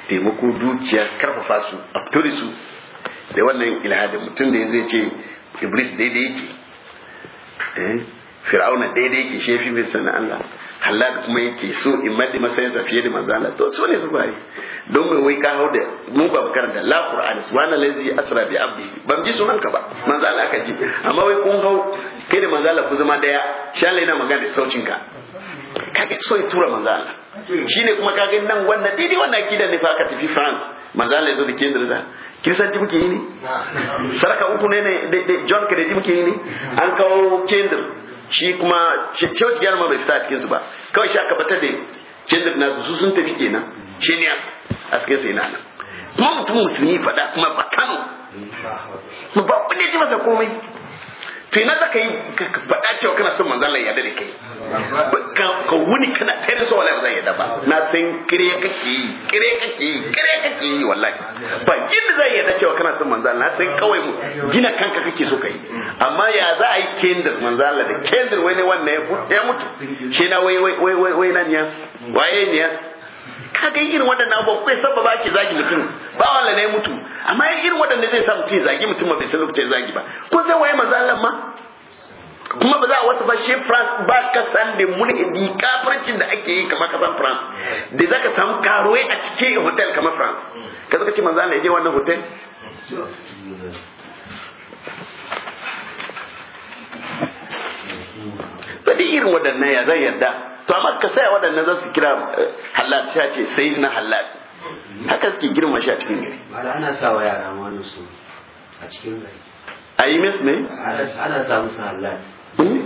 taimako dukiya karfafa su a fito da su da wannan ilhadin mutum da yanzu ya ce iblis daidai yake eh? fir'auna daidai ke shefi mai sanin Allah halak kuma yake so in madi masayin fiye da manzo Allah to su ne su bari don mai wai ka da mu ba bakar da la qur'an subhana allazi asra bi abdi ban ji sunan ka ba manzo Allah ka ji amma wai kun hau kai da manzo Allah ku zama daya sha Allah yana magana da saucin ka kage so ya tura manzo Allah shine kuma kage nan wannan didi wannan akida ne fa ka tafi France manzo Allah yazo da kin da kiristanci muke yi ne sarka uku ne ne John Kennedy muke yi ne an kawo kindir shi kuma Chelsea Girl ma bai fita a cikinsu ba kawai shi aka batar da Kendrick nasu su sun tafi kenan ne a cikin sai na nan kuma mutum musulmi fada kuma ba Kano ba wanda ya ce masa komai to ina za ka yi fada cewa kana son manzan Allah ya da kai ka wuni kana tare sa wala zai yadda na san kire kake kire kake kire kake wallahi ba gin zai yadda cewa kana son manzo na san kawai mu gina kanka kake so kai amma ya za a yi kendir manzo Allah da kendir wani wannan ya mutu shi na wai wai wai wai na niyas waye yas ka ga irin wadannan abubuwa kai sabba ba ke zagi mutum ba wallahi ne mutu amma irin wadannan zai sa mutum zagi mutum ba bai san lokacin zagi ba ko sai waye manzo Allah ma kuma ba za a wasu fashe France ba ka san da hindi kafircin da ake yi kamar kasan France da za ka samu karuwai a cikin hotel kamar France ka zaka ce manzana ya je wannan hotel Sadi irin waɗannan ya zai yarda to amma ka saya waɗannan za su kira eh, halal sha ce sai na halal haka suke girma shi a cikin gari. Mala ana sa wa yara wani su a cikin gari. A yi mes ne? Ana sa su halal. Hmm?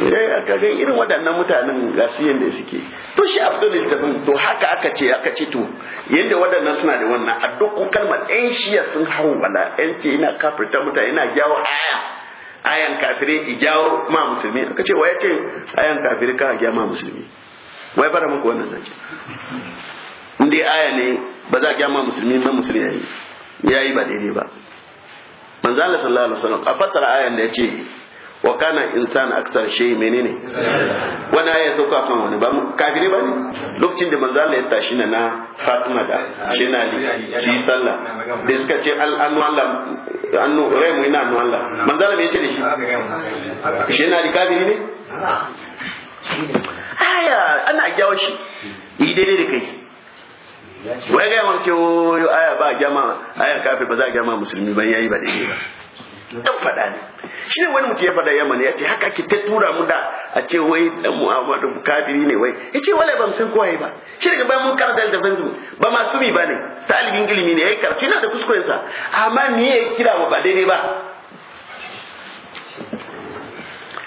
Eh, kagan irin waɗannan mutanen ga su yadda suke to shi abdul littafin to haka aka ce aka ce to yadda waɗannan suna da wannan a dukkan kalmar ɗan shiya sun hau wala ɗan ce ina kafirta mutane ina gyawo aya ayan kafire i gyawo ma musulmi aka ce waya ce ayan kafire ka gya ma musulmi waya fara muku wannan zance in dai aya ne ba za a gya ma musulmi ma musulmi yayi yi ba daidai ba manzo Allah sallallahu alaihi wasallam a fassara ayan da yace wa kana insan aksar shay menene wani aya sauka kan wani ba kafire ba ne lokacin da manzo Allah ya tashi na Fatima da shina ci sallah da suka ce al annu Allah annu rai mu ina anu Allah manzo Allah me yace da shi shina li kafiri ne aya ana gyawa shi yi daidai da kai wai ga yamar ce yo aya ba gyama aya kafir ba za a gyama musulmi ban yayi ba da ba dan fada ne shi ne wani mutum ya fada yamma ne ya haka ki ta tura mu da a ce wai dan muhammadu kafiri ne wai yace ce wala ba mu san ba shi daga bayan mun karanta da banzu ba masu mi ba ne talibin ilimi ne yayi yi karfi na da sa, amma me ya kira mu ba daidai ba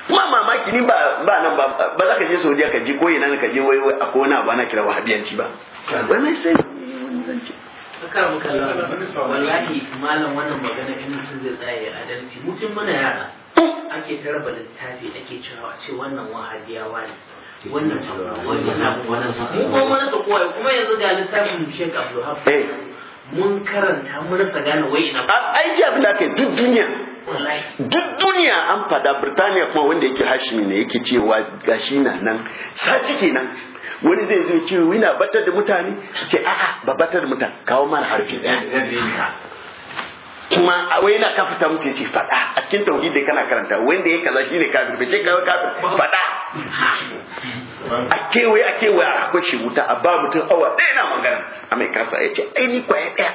kuma mamaki ni ba nan ba ba za ka je saudiya ka ji koyi nan ka je wai wai a kona ba kira wahabiyanci ba ba mai sai kakar mu kallon wallahi malam wannan magana in mutum zai tsaya ya adalci mutum muna yara ake tarba littafi ake cewa ce wannan wahabiyawa ne wannan wannan abu wannan mu ko mun rasa kowa kuma yanzu ga littafin Sheikh Abdul Hafid eh. mun karanta mun rasa gane wai ina ba ai ji abin da kai duk duniya duk duniya an fada birtaniya kuma wanda yake hashimi ne yake cewa gashi na nan sashi kenan wani zai zo ce wina batar da mutane ce a'a ba batar da mutane kawo mana harfi kuma a wai na ka fita mutum ce fada a cikin tauhidi kana karanta wanda ya kaza shine kafir bai ce kawai kafir fada a kewaye a kewaye a kwashe wuta a ba mutum awa ɗaya na magana a mai kasa ya ce ai ni kwaya ɗaya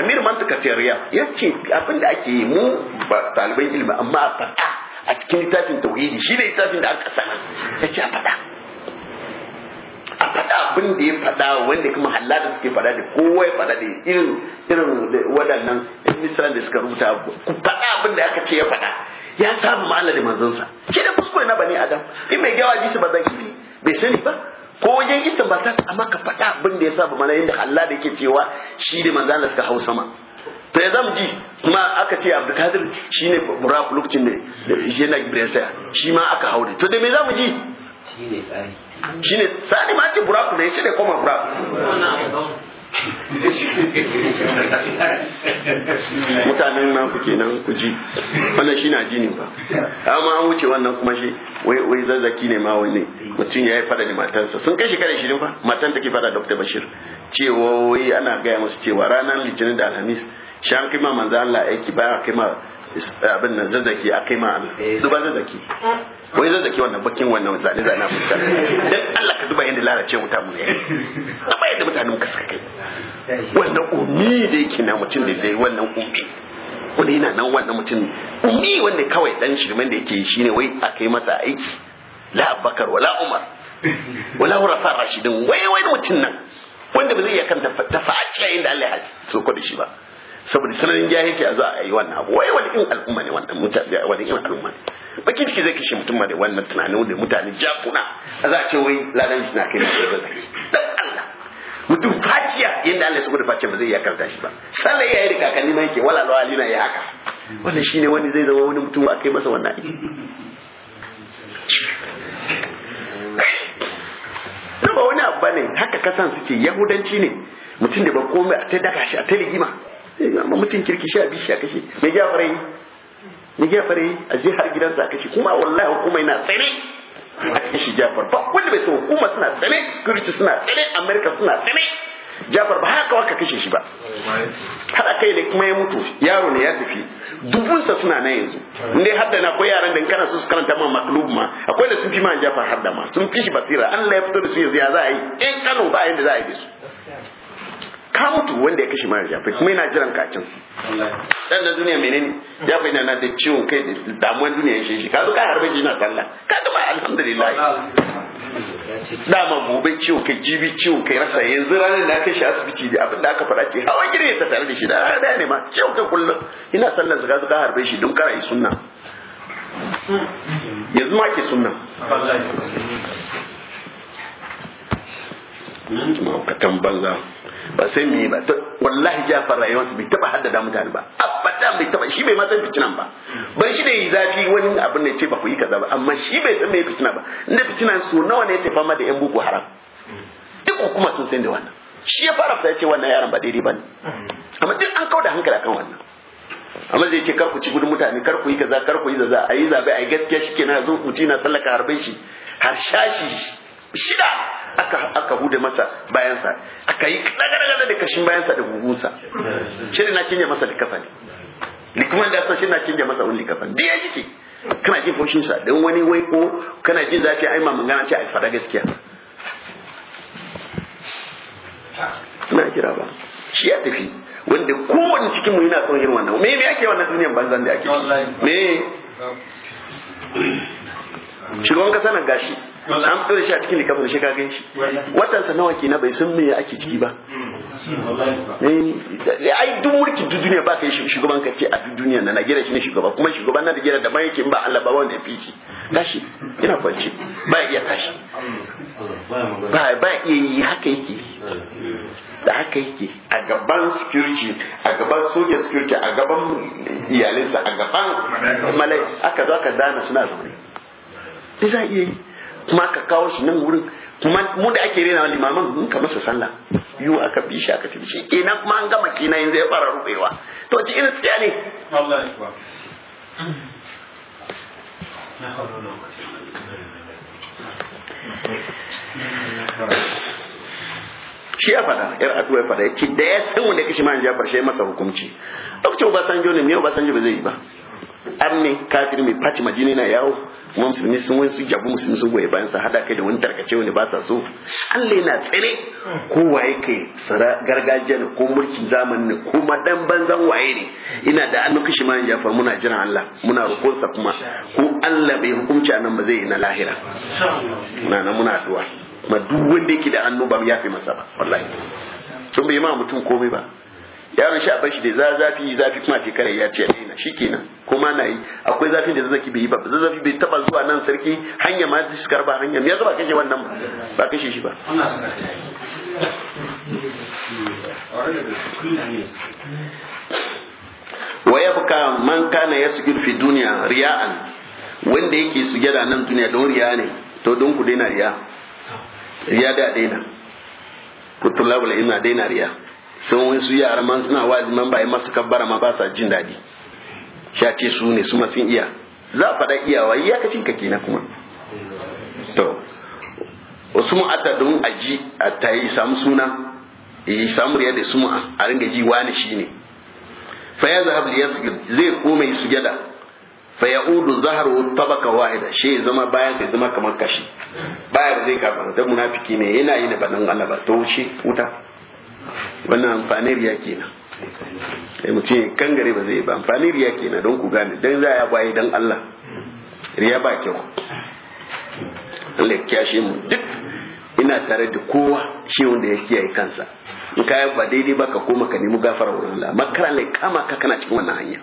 amir mantakatiyariya ya ce abin da ake yi mu ba talibai ilimi amma a faɗa a cikin littafin tauhidi shi ne littafin da aka sana ya ce a faɗa a faɗa abin da ya faɗa wanda kuma da suke faɗa da kowa ya faɗa da irin irin waɗannan yan misran da suka rubuta ku faɗa abin da aka ce ya faɗa ya samu ma'ala da manzansa shi da kuskure na bani adam in mai gawa ji su ba zan bai sani ba ko wajen ta amma ka faɗa abin da ya sa ba mana yadda Allah da yake cewa shi da manzo Allah suka hau sama to ya ji kuma aka ce Abdul Kadir shine Burak lokacin da shi ne Ibrahim shi ma aka hau da to da me zamu ji shine tsari ne tsari ma ce Burak ne shi ne koma Burak mutanen nan ku kenan ku ji wannan shi na ne ba amma an wuce wannan kuma shi wai wai zazzaki ne ma wani mutum ya yi fada da matansa sun kai shekara shirin fa matan take fada dr bashir cewa wai ana gaya masu cewa ranar litinin da alhamis shi an kai ma manzo Allah aiki a kai ma Eh, abin nan zazzaki a kai ma abin su eh. ba zazzaki wai zazzaki wannan bakin wannan zane zane fuska don Allah ka duba yadda lalace wuta mu ne duba yadda mutanen ka suka kai wannan umi da yake na mutum da dai wannan umi wani yana nan wannan mutum umi wanda kawai dan shirman da yake yi shine wai a kai masa aiki la wa wala umar wala hurafa rashidin wai wai mutum nan wanda ba zai iya kanta tafa'a ciyayin da Allah ya haji so ko da shi ba saboda sanarin jahilci a zo a yi wannan abu wai wani in al'umma ne wannan mutane wani in al'umma ne bakin ciki zai kashe mutum da wannan tunani da mutane jakuna a za a ce wai lalan shi na kai da zai dan Allah mutum faciya yadda Allah ya sako faciya ba zai iya karta shi ba sallah ya yi da kakanni ma yake wala lawali na ya haka wannan shine wani zai zama wani mutum a kai masa wannan aiki ba wani abu ne haka kasan suke yahudanci ne mutum da ba komai a ta daka shi a ta rigima sai ga mutum kirki sha bi sha kashe me gafare yi me gafare yi a jihar gidansa kashe kuma wallahi hukuma yana tsare a kashe jafar ba wanda bai san hukuma suna tsare security suna tsare america suna tsare jafar ba haka waka kashe shi ba har kai ne kuma ya mutu yaro ne ya tafi dubunsa suna na yanzu inda hadda na akwai yaran da kana so su karanta ma maklub ma akwai da sun fi ma jafar hadda ma sun fi shi basira Allah ya fito da su yanzu ya za a yi in kano ba yanda za a yi da su ka mutu wanda ya kashe mara jafai kuma yana jiran kacin dan na duniya menene jafai na da ciwon kai da damuwan duniya ya shi ka zo ka harbe jina na sallah ka ga ba alhamdulillah dama gobe ciwon kai jibi ciwon kai rasa yanzu ranar da aka shi asibiti da abin da aka faɗa ce hawa gire ta tare da shi da rana da ne ma ciwon kai kullum ina sallar zuga zuga harbe shi don kara yi sunna yanzu ma ke sunna Maukatan banza. ba sai mu yi ba wallahi jafar rayuwarsa bai taba haddada mutane ba abada bai taba shi bai matsayin fitinan ba ban shi da yi zafi wani abin da ce ba ku yi kaza ba amma shi bai san mai fitina ba inda fitina su nawa ne ya fama da yan boko haram duk hukuma sun san da wannan shi ya fara fita ce wannan yaron ba daidai ba ne amma duk an da hankali akan wannan amma zai ce kar ku ci gudun mutane kar ku yi kaza kar ku yi zaza a yi zabe a yi gaskiya shi kenan zo ku na tsallaka harbe shi har shashi shida aka aka hude masa bayansa aka yi kadagaragada da kashin bayansa da gugunsa shirin na cinye masa likafa ne likuman da san shi na cinye masa wani likafa ne ya jiki kana jin fushin sa dan wani wai ko kana jin zafi ai ma magana ce a fada gaskiya na kira ba shi ya tafi wanda kowanne cikin mu yana son irin wannan me me yake wannan duniyar banzan da ake me shugaban wanka sanar gashi an fito da shi a cikin likafin shi kagin shi watansa nawa ke na bai san me ake ciki ba eh, ai duk mulki duk duniya ba kai shugaban ka ce a duk duniya na shi ne shugaba kuma shugaban na Najeriya da yake ba Allah ba wanda ya fi shi gashi ina kwance ba ya iya tashi ba ba iya yi haka yake da haka yake a gaban security a gaban soja security a gaban iyalinsa a gaban malai aka zo aka dana suna zaune da za iya yi kuma ka kawo shi nan wurin kuma mu da ake rena limaman mun ka masa sallah yu aka bi shi aka ci shi kenan kuma an gama kina yanzu ya fara rubewa to ci irin tsaya ne shi ya fada yar addu'a ya fada yace da ya san wanda kishi man jafar shi masa hukunci lokacin ba san jone me ba san jone ba zai yi ba arne kafiri mai faci majini na yawo kuma musulmi sun wani su jabu musulmi sun goye bayan sa hada kai da wani tarkace wani ba sa so Allah yana tsire ko waye kai sara gargajiya ne ko mulkin zamani ne ko madan banzan waye ne ina da annu kishi man yafa muna jiran Allah muna roƙon sa kuma ko Allah bai hukunci anan ba zai yi na lahira na na muna addu'a ma duk wanda yake da annu ba ya fi masa ba wallahi sun bai ma mutum komai ba yaron shi a bar shi da za zafi zafi kuma ce kare ya ce daina shikenan kuma na yi akwai zafin da zazzaki bai yi ba zazzafi bai taba zuwa nan sarki hanya ma ta shikar ba hanya ya zuba kashe wannan ba kashe shi ba wa yabka man kana yasjud fi dunya riya'an wanda yake sujada nan duniya don riya ne to don ku daina riya riya da daina ku tulabul ilma daina riya sun wasu yara man suna wazi man bai masu kabbara ma ba sa jin daɗi shi ce su ne su sun iya za a faɗa iyawa iyakacin ka na kuma to wasu mu ata don ji a ta yi samu suna yi samu riya da suma a ringa ji wani shi ne fa ya zahab li yasgir zai kome su gyada. fa ya udu zaharu tabaka wahida shi zama bayan sai zama kamar kashi bayan zai kafa da munafiki ne yana yi da banan Allah ba to shi wuta wannan amfani riya kenan sai mu ce gare ba zai ba amfani riya kenan don ku gane dan za a yi bayi dan Allah riya ba kyau Allah ya kiyashe mu duk ina tare da kowa shi wanda ya kiyaye kansa in ka ba daidai ba ka koma ka nemi gafara wurin Allah makara lai kama ka kana cikin wannan hanya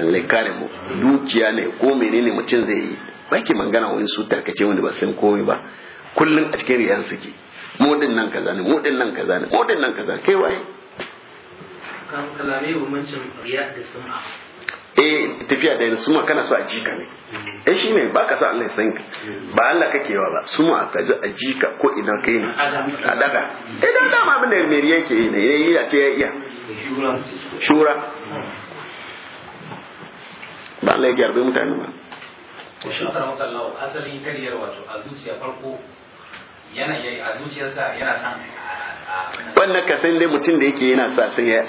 Allah ya kare mu dukiya ne ko menene mutum zai yi baki magana wani su tarkace wanda ba san komai ba kullum a cikin riyan suke modin nan kaza ne modin nan kaza ne modin nan kaza ke waye kalamai bambancin riya da sum'a eh tafiya da suma kana so a jika ne mm. eh shine ba ka Allah ya san mm. ba Allah kake wa ba suma ka ji a jika ko ina kai ne a daga eh dan da ma bane mai riya yake yi ne yayi ya ce ya iya shura ba Allah ya gyarbe mutane ba shi karamar Allah asali kariyar wato a zuciya farko yana wannan kasan dai mutum da yake yana sa sun ya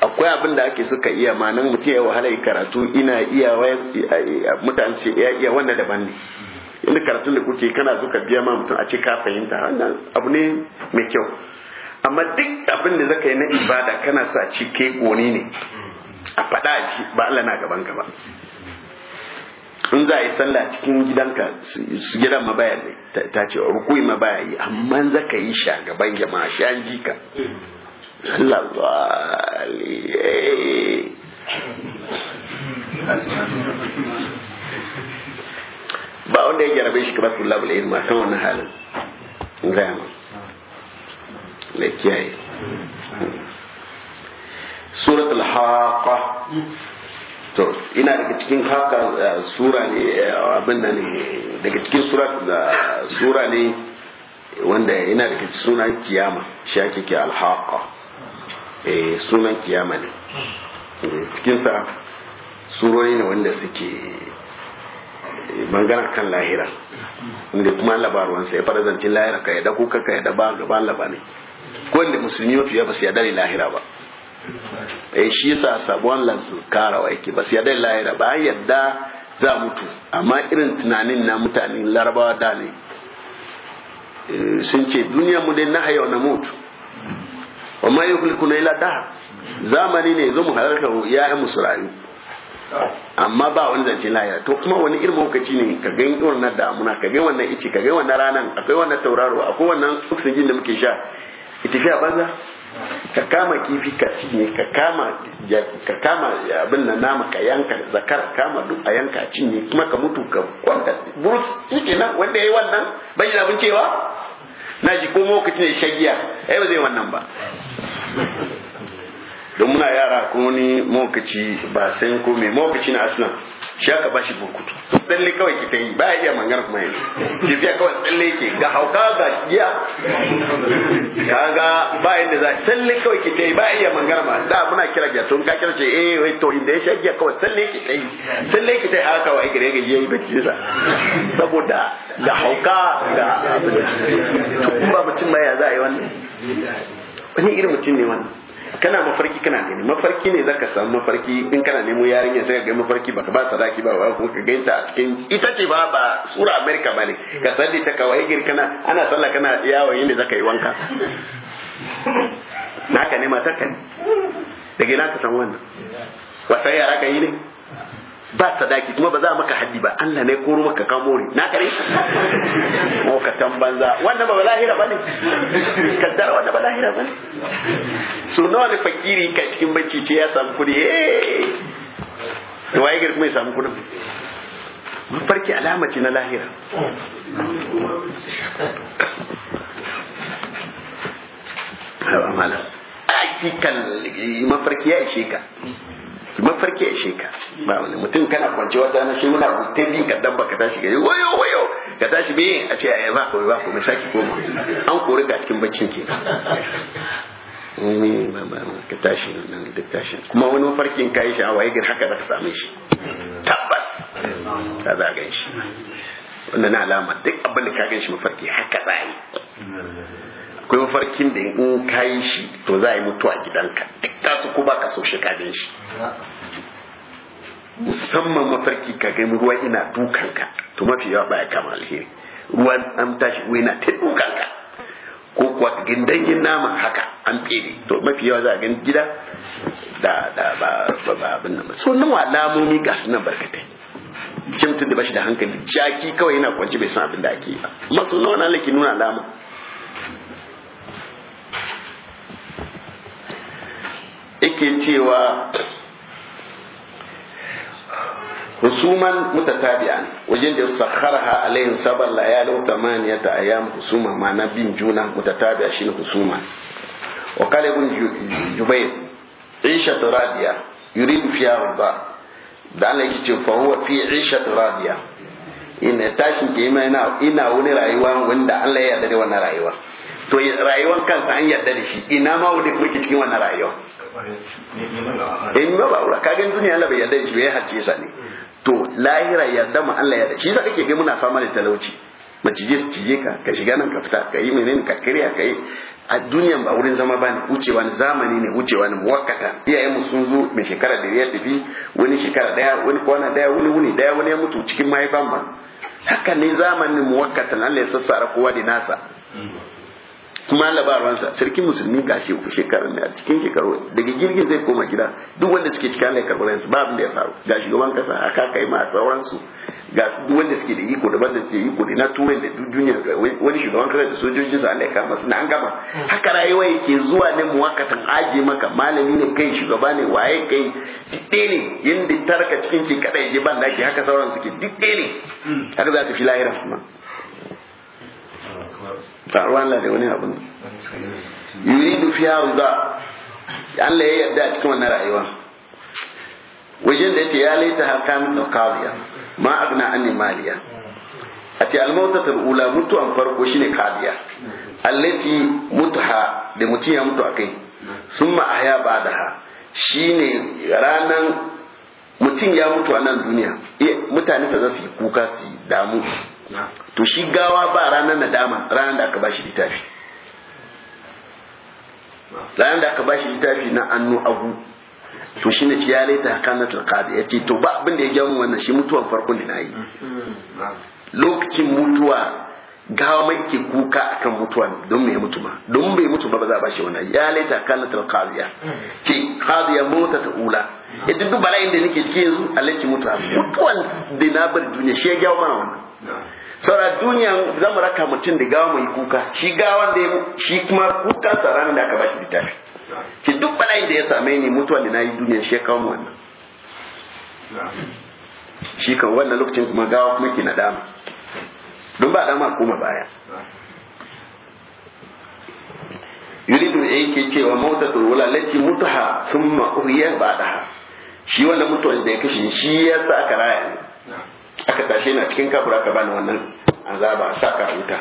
akwai abin da ake suka iya manan mutum ya wahala karatu ina iya mutane ce ya iya wannan daban ne inda karatun da kuke kana zuka biya ma mutum a ce ka fahimta wannan abu ne mai kyau amma duk abin da zaka yi na ibada kana sa ci kai goni ne a faɗa a ci ba Allah na gaban ka ba in za a yi sallah cikin gidanka gidan ma baya ne ta ce rukui ma baya yi amma za ka yi sha gaban jama'a sha ji ka ba wanda ya gyara bai shi kamar kula bala ilma kan wannan halin gaya ma da kiyaye suratul haqa to ina daga cikin haka eh, sura ne eh, abin nan ne daga cikin sura da eh, sura ne wanda ina daga sunan kiyama shi ake ke alhaqa eh sunan kiyama ne cikin sa surori ne wanda suke magana kan lahira inda kuma labarwan sai farazancin lahira ka yada kuka ka yada ba gaban labari ko inda musulmi mafi ya ba ya yada ne lahira ba eh shi yasa sabon lansu karawa yake ba sai dai lahira ba yarda za mutu amma irin tunanin na mutanen larabawa da ne eh, sun ce duniya mu dai na hayo na mutu amma yi hulkuna ila daha zamani ne zo mu halarta ya yi rayu amma ba wani zance lahira to kuma wani irin lokaci ne ka ga wannan damuna ka ga wannan ici ka ga wannan ranan akwai wannan tauraro akwai wannan oxygen da muke sha ita banza ka kama kifi ka cinye ka kama abin nan nama ka yanka zakar kama duk a yanka cinye kuma ka mutu ka kwanta burus shike nan wanda yayi wannan bai da cewa na shi ko lokacin ne shagiya ai ba zai wannan ba don muna yara ko ni mokaci ba sai ko mai mokaci na aslan shi aka bashi burkutu tsalle kawai ki tayi ba ya iya mangar kuma yanzu shi fiya kawai tsalle yake ga hauka ga giya kaga ba yanda za tsalle kawai ki tayi ba ya iya mangar ma da muna kira giya to ka kira ce eh wai to inda ya shagiya kawai tsalle yake tayi tsalle yake tayi aka haka wa gare ga yayi bacci sa saboda da hauka da abin da to kuma mutum ma ya za a yi wannan wani irin mutum ne wannan kana mafarki kana gani mafarki ne zaka samu mafarki in kana nemo yarinya sai ka ga mafarki baka ba sadaki ba ko ka ganta a cikin ita ce ba ba sura america bane ka sani ta kawai gir kana ana sallah kana yawon yin zaka yi wanka <laughs> naka ne matarka ne daga ina ka san wannan wasa yara ka yi ne ba sadaki kuma ba za maka haddi ba Allah ne koro maka kamo na kare mu ka banza wannan ba lahira bane kaddara wannan ba lahira bane so nawa ne fakiri ka cikin bacci ce ya samu kudi eh to waye gari kuma ya samu mun mafarki alama ce na lahira ha amala Aiki kan mafarki ya ishe ka. mafarki a sheka ba wani mutum kana kwanci wata na shi muna ta bi ka dan baka tashi gari wayo wayo ka tashi bi a ce ai ba ko ba ku mai saki ko an kori ka cikin baccin ke ne eh, ba ba ka tashi nan duk tashi kuma wani mafarkin kai shi a waye gari haka zaka same shi tabbas ka za ga shi wannan alama duk abin da ka gan shi mafarki haka za yi akwai mafarkin da in kayi shi to za a yi mutuwa gidanka duk su ko ba ka so shi ka shi musamman mafarki ka gani ruwa ina dukanka to mafi yawa baya kama alheri ruwan an tashi ruwa yana ta dukanka ko kuwa gindanyin nama haka an tsere to mafi yawa za a gani gida da da ba ba ba abin nan so nawa alamomi ga su nan barkatai mutum da bashi da hankali jaki kawai yana kwance bai san abin da ake yi ba masu nawa na laki nuna alama yake cewa husuman mutatabi'an wajen da sakharaha alaihim sabal tamaniya ta ayyam husuma ma'ana bin juna mutatabi'a shine husuma wa qala ibn jubayr isha radiya yurid fiha rida da Allah yake ce fa huwa fi isha radiya ina tashin ke ina ina wani rayuwa wanda Allah ya yarda da wannan rayuwa to rayuwar kansa an yarda da shi ina ma wani kuke cikin wannan rayuwa Eh, in ba aura ka gani duniya Allah bai yarda shi bai hace sa ne to lahira yarda mu Allah yarda shi yasa kake ga muna fama da talauci macije su cije ka ka shiga nan ka fita ka yi menene ka kirya ka yi a duniyan ba wurin zama bane wucewa ne zamani ne wucewa ne muwakkata iyayen mu sun zo mai shekara da ya tafi wani shekara daya wani kwana daya wani wuni daya wani ya mutu cikin mahaifan ba haka ne zamanin muwakkatan Allah ya sassara kowa da nasa kuma labaransa ba sarkin musulmi ga shi shekarar ne a cikin shekaru daga jirgin zai koma gida duk wanda suke cikin Allah ya karɓi ransu ba abin da ya faru ga shugaban kasa a ka kai ma sauransu ga su duk wanda suke da iko da banda suke iko da na turai da duniya wani shugaban kasa da sojojinsa Allah ya kama su na an gaba hmm. haka rayuwa yake zuwa ne muwakkatan aje maka malami ne kai shugaba ne waye kai dide ne yadda tarka cikin ce kadai ya je ban daki haka sauransu suke dide ne hmm. haka za ka fi lahira kuma faru Allah da wani abin da fiya ruga Allah ya yarda a cikin wannan rayuwa wajen da ce ya laita hakan da kariya, ma agna anni maliya a ce almautatul ula mutuwan farko shine qadiya allati mutaha da mutum ya mutu a kai, sun akai da ha ba'daha shine ranar mutum ya mutu a nan duniya eh, mutane sa za su yi kuka su damu to shi gawa ba ranar nadama ranar da aka ba shi littafi ranar da aka ba shi littafi na annu abu to shi ne ya laita kanatul qadi ya ce to ba abin da ya gyamu wannan shi mutuwan farko da yi lokacin mutuwa gawa mai ke kuka akan mutuwa don mai mutu ba don bai mutu ba ba za a bashi wannan ya laita kanatul qadiya ce qadiya mota ta ula ya duk bala'in da nake ciki yanzu alaci mutuwa mutuwan da na bar duniya shi ya gyamu mana wannan saura duniya za mu raka mutum da gawa mai kuka shi gawan da shi kuma kuka ranar da aka bashi littafi shi duk bala'in da ya same ni mutuwa da na yi duniya shi ya kawo wannan shi kan wannan lokacin kuma gawa kuma ke na dama don ba dama kuma baya yuridu ya yake cewa mautatul wula lati mutaha ba da ha shi wannan mutuwa da ya kashe shi ya sa aka aka tashe na cikin kafura ka bani wannan azaba sa ka wuta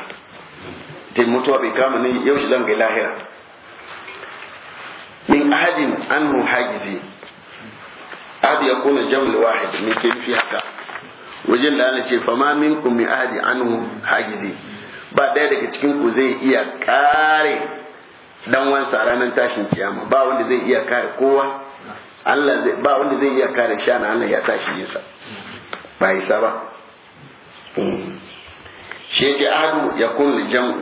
ta mutuwa bai kama ne yau shi zan ga lahira min ahadin anhu hajizi ahad ya kuna jamul wahid min ke fi haka wajen da ana ce fama minkum min ahadi anhu hajizi ba ɗaya daga cikin ku zai iya kare dan wansa ranar tashin kiyama ba wanda zai iya kare kowa Allah ba wanda zai iya kare shana Allah ya tashi yinsa ba isa ba mm. shi yake adu ya kulli jam'u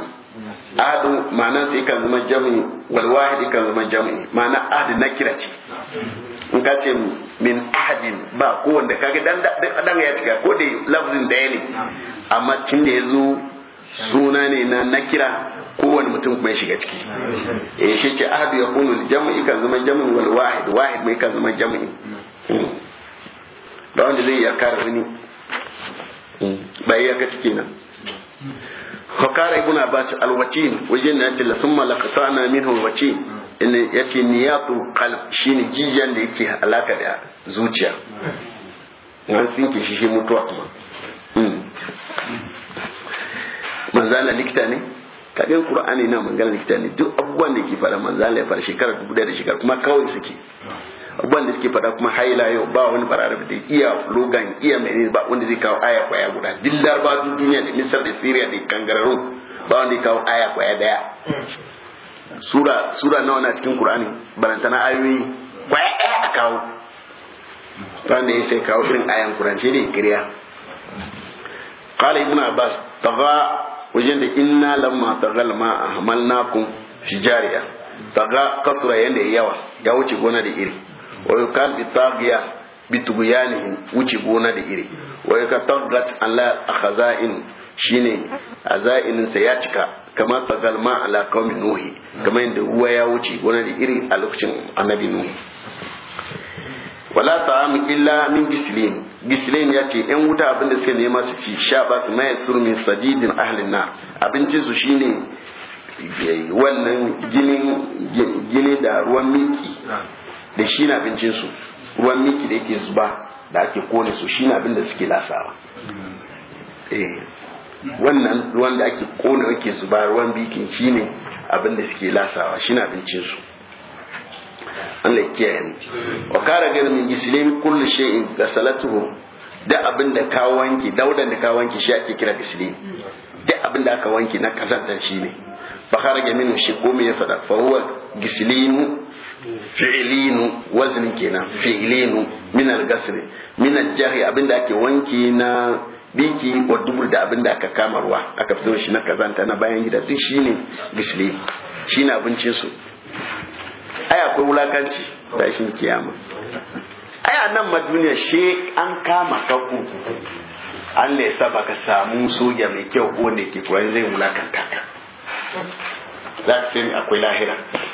adu ma'ana sai kan zama jam'i wal wahidi kan zama jam'i ma'ana adu na kira ce in ka ce min ahadin ba ko wanda kage dan dan ya cika ko dai lafzin da ne amma tun da yazo suna ne na nakira kowane mutum kuma ya shiga ciki eh shi ce ahadu ya kulli jam'i kan zama jam'i wal wahid wahid mai kan zama jam'i mm. ba wanda zai iya kare wani ba ya kaci kenan fakara ibn abbas alwatin wajen na yace la summa laqata'na minhu alwatin in yace niyatul qalb shine jijiyan da yake alaka da zuciya an sinke shi shi mutuwa kuma hmm. manzala likita ne kaɗin qur'ani na magana likita ne duk abubuwan da ke fara manzala ya fara shekara dubu da shekara kuma kawai suke abubuwan da suke fada kuma haila yau ba wani bararabi da iya logan iya mai ba wanda zai kawo aya kwaya guda dillar ba duniya da misar da siriya da kangararru ba wanda zai kawo aya kwaya daya sura sura nawa na cikin qur'ani na ayoyi kwaya daya a kawo wanda ya sai kawo irin ayan kurance da kiriya qala ibnu abbas taga wajen da inna lamma tagal ma ahmalnakum shijariya taga kasura yanda yawa ya wuce gona da iri wa ka bi tagiya bi tuguyanihim wuce gona da iri wa ka gat ala khaza'in shine aza'inin sa ya cika kamar bagalma ala qaumi nuhi kamar yadda ruwa ya wuce gona da iri a lokacin annabi nuhi wala ta'am illa min gislin gislin ya ce yan wuta abinda suke nema su ci sha ba su mai surmin sajidin ahlin na abincin su shine wannan gini da ruwan miki da shi na su, ruwan miki da yake zuba da ake kone su shi na abin da suke lasawa eh, wannan ruwan da ake kone yake zuba ruwan bikin shi ne abin da suke lasawa shi na su. Allah ya kiyaye ni wa kara gani min gisilin kullu shay'in salatuhu da abin da ka wanke daudan da ka wanke shi ake kira gisilin Da abin da aka wanke na kazantar shi ne fa kharaja minhu shi ko me ya fada fa huwa gislimu fi'ilinu wazni kenan fi'ilinu min al-gasri min al-jahri abinda ake wanki na biki wa dubur da abinda aka kama ruwa aka fito shi na kazanta na bayan gida duk shine gisli shine abincin su ai akwai wulakanci shi kiyama ai nan ma duniya she an kama ka ku an ne sa baka samu soja mai kyau ko ne ke kuwa zai wulakanta ka za akwai lahira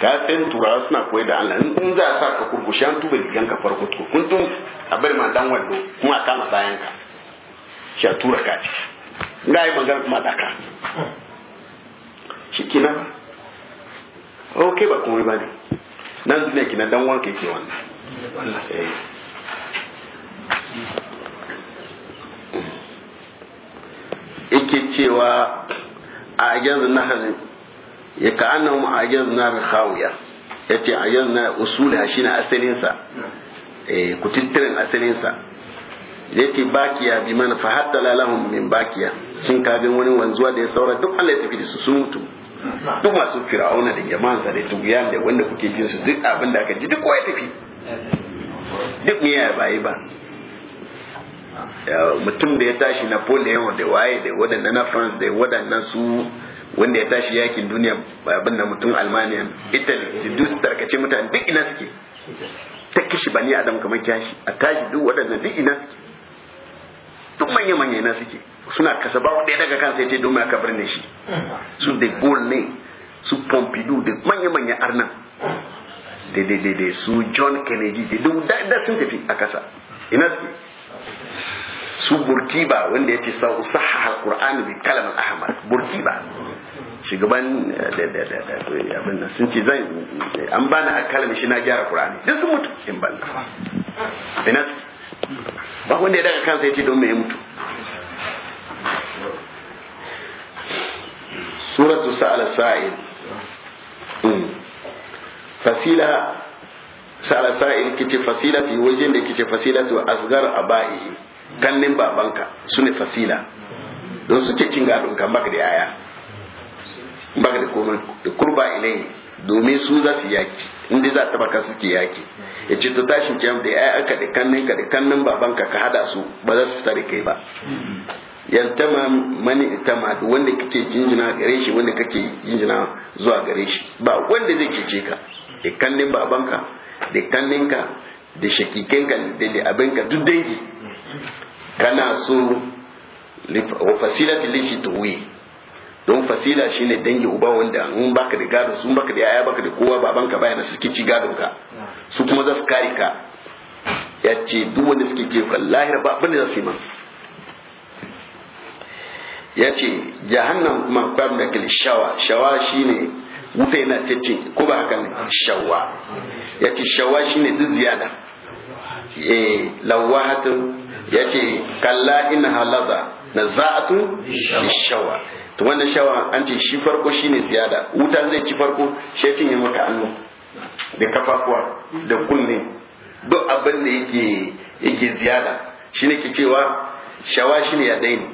ka san turawa suna koyi da Allah in za a sa ka kurkushi an tuba jikin ka farko tuku kun tun a bari ma dan wando kuma a kama bayan ka shi a tura ka ciki nga yi magana kuma daka shi kina oh, ba ok ba kuma ba ne nan duniya kina dan wanka yake wannan ike eh. cewa a yanzu na ya ka'anna mu na bi khawiya yace ajazna a shine asalin asalinsa, eh, ku kutittirin asalinsa ya yace bakiya bi mana fa hatta lahum min bakiya cin kabin wani wanzuwa da ya saura duk Allah ya tafi da su sun mutu duk masu fir'auna da jama'ansa da tuguya da wanda kuke jin su duk abin da aka ji duk ya tafi duk me ya bayi ba mutum da ya tashi napoleon da waye da waɗanda na france da waɗannan su wanda ya tashi yakin duniya abin da mutum almaniya italy da dusu tarkace mutane duk ina suke ta kishi bani adam kamar kyashi a tashi duk waɗanda duk ina suke duk manya manya ina suke suna kasa ba wanda ya daga kansa ya ce domin aka birne shi su da gol ne su pompidou da manya manya arnan da su john kennedy da duk da sun tafi a kasa ina suke su burkiba wanda ya ce al qur'ani bi kalamar ahmad burkiba shugaban eh, abin nan sun ce zan eh, an bani a shi na gyara qur'ani duk sun mutu in ban ina ba wanda ya daga kansa ya ce don me ya mutu suratu sa'ala sa'il hmm. fasila sa'ala sa'il kice fasila fi wajen da kice to asgar abai gannin babanka su ne fasila don suke cin gadon ka baka da yaya baka da komai da kurba ilai domin su za su yaki inda za ta baka suke yaki ya ce to tashin kiyam da aka da kannin ka da kannin babanka ka hada su ba za su fita da kai ba tama mani da wanda kake jinjina gare shi wanda kake jinjina zuwa gare shi ba wanda zai kice ka da kannin babanka da kanninka da shakikenka da abinka duk dangi kana so fasilati lishi tuwi don fasila shine dangi uba wanda in baka da gado sun baka da yaya baka da kowa baban ka bayana suke ci gado ka su kuma za su kare ka ya ce duk wanda suke ce wallahi ba abin da za su yi man ya ce jahannam kuma kwam da kil shawa shawa shine wuta yana cece ko ba haka ne shawa ya ce shawa shine duk ziyada eh lawahatun Yake kalla ina halaza na za'atu shawa. to wannan shawa an ce shi farko shine ziyada wutan zai ci farko shi cinye maka annu da kafafuwa da kunne duk abin da yake yake ziyada shine ke cewa shawa shine ya daini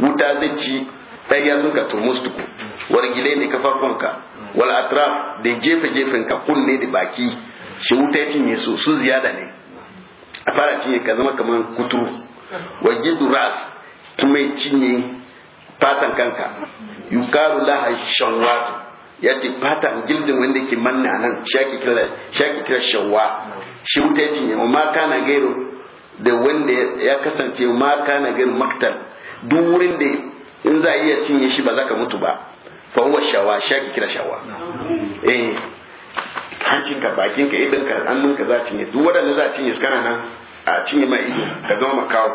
wuta zai ci ɗaya sun ka turmus tuku gile ne kafafunka wal atraf da jefe jefen ka kunne da baki shi wuta ya cinye su su ziyada ne a fara cinye ka zama kamar kuturu waje duras kuma cinye fatan kanka yukaru laha shanwatu ya ce fatan gildin wanda ke manna nan shaki kira shawa shi wuta ya cinye ma kana gairu da wanda ya kasance ma kana gairu maktar duk wurin da in za a iya cinye shi ba za ka mutu ba fa huwa shawa shaki kira shawa eh hancinka bakinka idinka hannunka za a cinye duk waɗanda za a cinye su kana nan a cinye ma ido ka zama makawo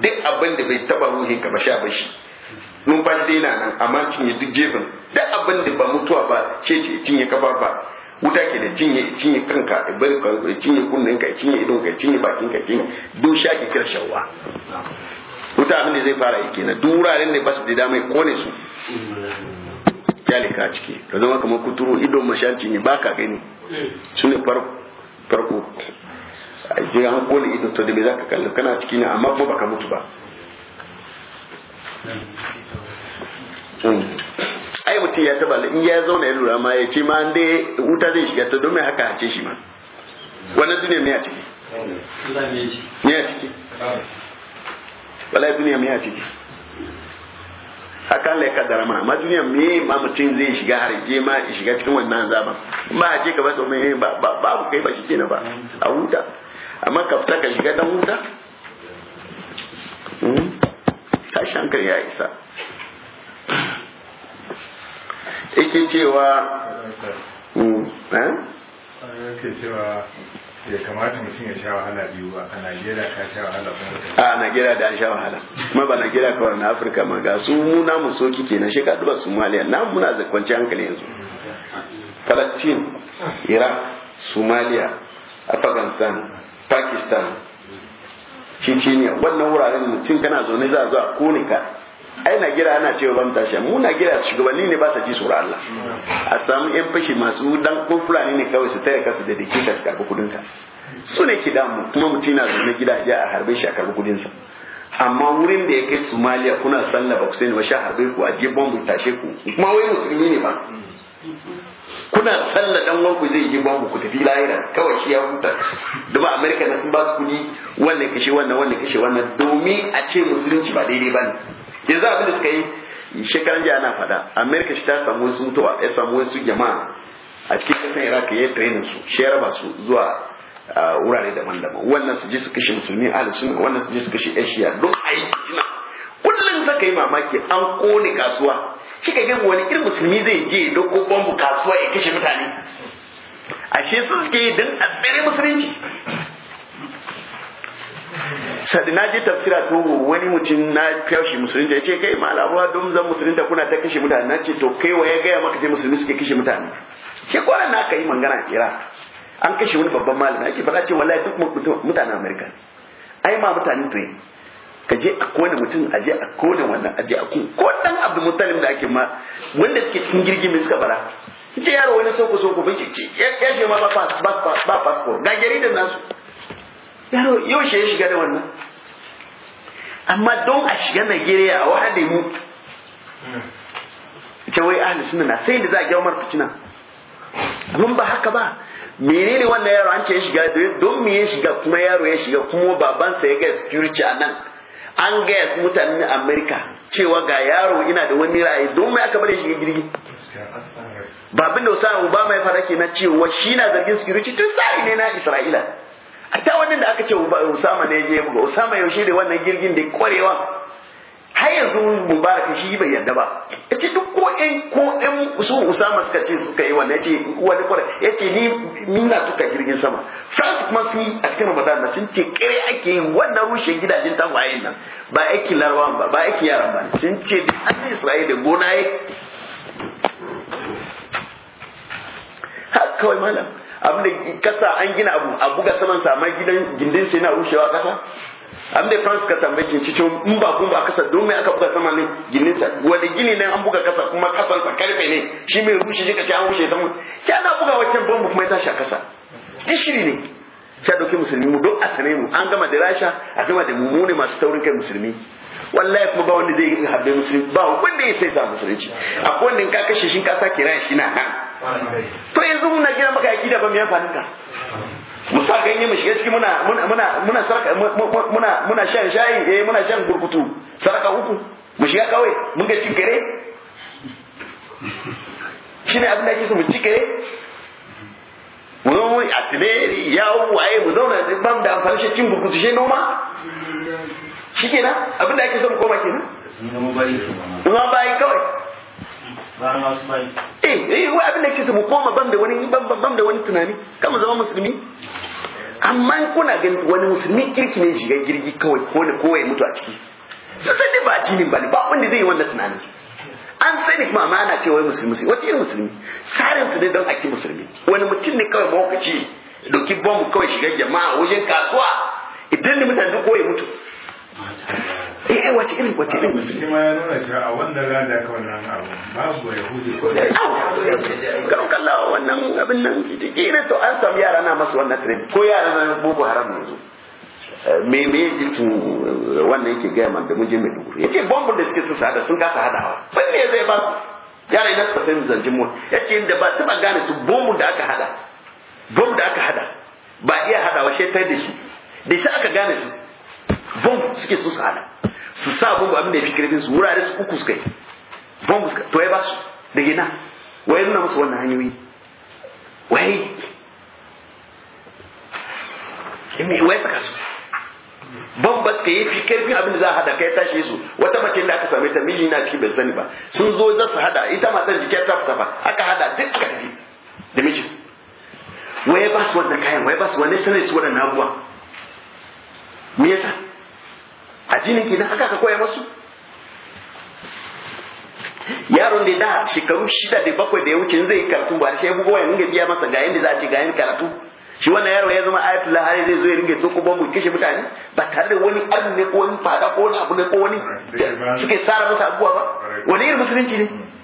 duk abin da bai taba ruhin ka ba sha bashi numfashi dai na nan amma cinye duk gefen duk abin da ba mutuwa ba ce ce cinye ka ba ba wuta ke da cinye cinye kanka ya bari ka cinye kunnen ka cinye idon ka cinye bakin ka cinye duk sha ke kira wuta abin da zai fara yake na duk wuraren ne ba su da dama ya kone su kyale ciki ka zama kamar kuturu ido mashanci ne baka gani su ne farko a ji an koli ido to da me za ka kalli kana ciki ne amma ba baka mutu ba ai mutum ya taba in ya zauna ya lura ma ya ce ma an dai wuta zai shiga ta domin haka a ce shi ma wannan duniya me a ciki me a ciki wallahi duniya me a ciki haka Allah ya kaddara mana duniya me ma mutum zai shiga har je ma shiga cikin wannan azaban ba a ce ka basa mai eh, ba babu kai ba shi kenan ba a huta amma ka fita ka shiga dan huta ka hmm? hankali ya isa yake cewa hmm, eh? yake cewa ya mutum ya sha biyu ba a Najeriya ka wahala kuma a Najeriya da an sha wahala kuma ba Najeriya kawai na Afirka ma ga su mu na soki kenan shi ka duba Somalia na muna da kwanciyar hankali yanzu Palestine Iraq Somalia Afghanistan Pakistan Chechnya wannan wuraren mutum kana zaune za a zo a kone ka ai na gira ana cewa ban tashi mu na gira shugabanni ne ba su ji tsoron Allah a samu yan fashi masu dan kofura ne kawai su taya kasu da dake ka su karbi kudin ka su ne ke damu kuma mutum na zaune gidaje a harbe shi a karbi kudin sa amma wurin da yake Somalia kuna sallah ba ku sani ba sha harbe ku a ji bombu tashe ku kuma wai musulmi ne ba kuna sallah dan wanku zai ji bombu ku tafi lahira kawai shi ya huta duba America na sun ba su kudi wannan kashe wannan wannan kashe wannan domin a ce musulunci ba daidai ba ne yanzu abin da suka yi shekaran jiya na fada amerika shi ta samu wasu mutuwa ya samu wasu jama'a a cikin kasan iraq ya yi su shi raba su zuwa wurare daban-daban wannan su je su kashe musulmi ahli sunna wannan su je su kashe ashiya don a yi fitina kullum ka yi mamaki an kone kasuwa ka gani wani irin musulmi zai je ya dauko bombu kasuwa ya kashe mutane ashe su suke yi don a tsere musulunci sadi na je tafsira to wani mutum na kyashi musulunta ya ce kai malabuwa don zan da kuna ta kashe mutane na ce to kai wa ya gaya maka ce musulmi suke kashe mutane ke kwanan na aka yi mangana kira an kashe wani babban malami ake faɗa ce wallahi duk mutanen amerika ai ma mutane to ka je a kone mutum a je a kone wannan a je a kun ko dan abdul da ake ma wanda suke cikin girgin mai suka bara ce yaro wani soko soko bai ce ya ce ma ba fasfo ga jaridar nasu yaro yau shi ya shiga da wannan amma don a shiga Najeriya a wahale mu ita wai ahli suna na sai da za a ga Umar fitina mun ba haka ba menene wannan yaro an ce ya shiga don me ya shiga kuma yaro ya shiga kuma babansa ya gaya security a nan an gaya mutanen Amerika cewa ga yaro ina da wani ra'ayi don mai aka bari shiga jirgi babin da Osama Obama ya fara kenan cewa shi na zargin security tun sa'i ne na Isra'ila ta wannan da aka ce Usama ne je buga Usama yaushe da wannan girgin da kwarewa har yanzu Mubarak shi bai yarda ba yace duk ko in ko in su Usama suka ce suka yi wannan yace wani kware yace ni na tuka girgin sama France kuma su a cikin Ramadan na sun ce kare ake yin wannan rushe gidajen tagwayen nan ba aiki larwan ba ba aiki yaran ba sun ce an Isra'ila da gona yake kawai malam abinda kasa an gina abu a buga saman sa amma gidan gindin sai na rushewa kasa abin da France ka tambaye cikin in ba kun ba kasa don mai aka buga saman ne gindin sa wani gini ne an buga kasa kuma kasan sa karfe ne shi mai rushe shi ka ce an rushe ta mun ce ana buga wancan bombu kuma ya tashi a kasa gishiri ne sai dauke musulmi mu don a sane mu an gama da rasha a gama da mummune masu taurin kai musulmi wallahi kuma ba wanda zai harbe musulmi ba wanda ya sai ta musulunci akwai wanda in ka kashe shi ka sake rashi shi na nan to yanzu muna gina maka yaki da ba mu amfanin ka musa sa yi mu shiga ciki muna muna muna sarka muna muna shan shayi eh muna shan gurkutu sarka uku mu shiga kawai mun ga cin kare shine abin da yake so mu ci kare mu zo mu atineri ya waye mu zauna da bam da amfani shi cin gurkutu shi noma kenan abin da yake so mu koma kenan in an bayi kawai eh eh wai abin da ke su mu koma ban da wani ban da wani tunani kama zama musulmi amma kuna ganin wani musulmi kirki ne shiga girgi kawai ko ne ko ya mutu a ciki sai ne ba jinin bane ba wanda zai yi wannan tunani an sani kuma amma ana cewa musulmi sai wace irin musulmi sarin su ne don ake musulmi wani mutum ne kawai mawakaci doki bomb kawai shiga jama'a wajen kasuwa idan ne mutane ko ya mutu eh wace irin wace irin musulunci kuma ya nuna cewa a wannan ka wannan abu babu yahudi ko da kan wannan abin nan to an samu yara na masu wannan trend ko yara na boko haram yanzu eh, me me jitu eh, wannan yake gaya man da mun je mai da suke su sun hadawa me zai ba yara ina mu yace inda ba taba gane su da aka hada da aka hada ba iya hadawa shetar da shi da shi aka gane su suke su hada su sa bombu abin da ya fi karfin su wurare su uku suka yi bombu suka to ya ba su da gina waye nuna musu wannan hanyoyi waye waye saka su babbat ka yi fi karfin abin da za a hada kai tashi su wata mace da aka same ta miji na ciki bai sani ba sun zo za su hada ita matar jiki ta fita ba? aka hada duk aka tafi da mijin waye ba su wannan kayan waye ba su wannan sanin su wannan abubuwa me yasa addinin kenan haka ka koya masu yaron da da shekaru shida da bakwai da ya wuce zai karatu ba shi ya bugo ya ringa biya masa ga yanda za a ce ga yanda karatu shi wannan yaro ya zama ayatul lahari zai zo ya ringa toko bambu kishi mutane ba tare da wani arni ko wani fada ko wani abu ne ko wani suke sara masa abubuwa ba wani irin musulunci ne hmm.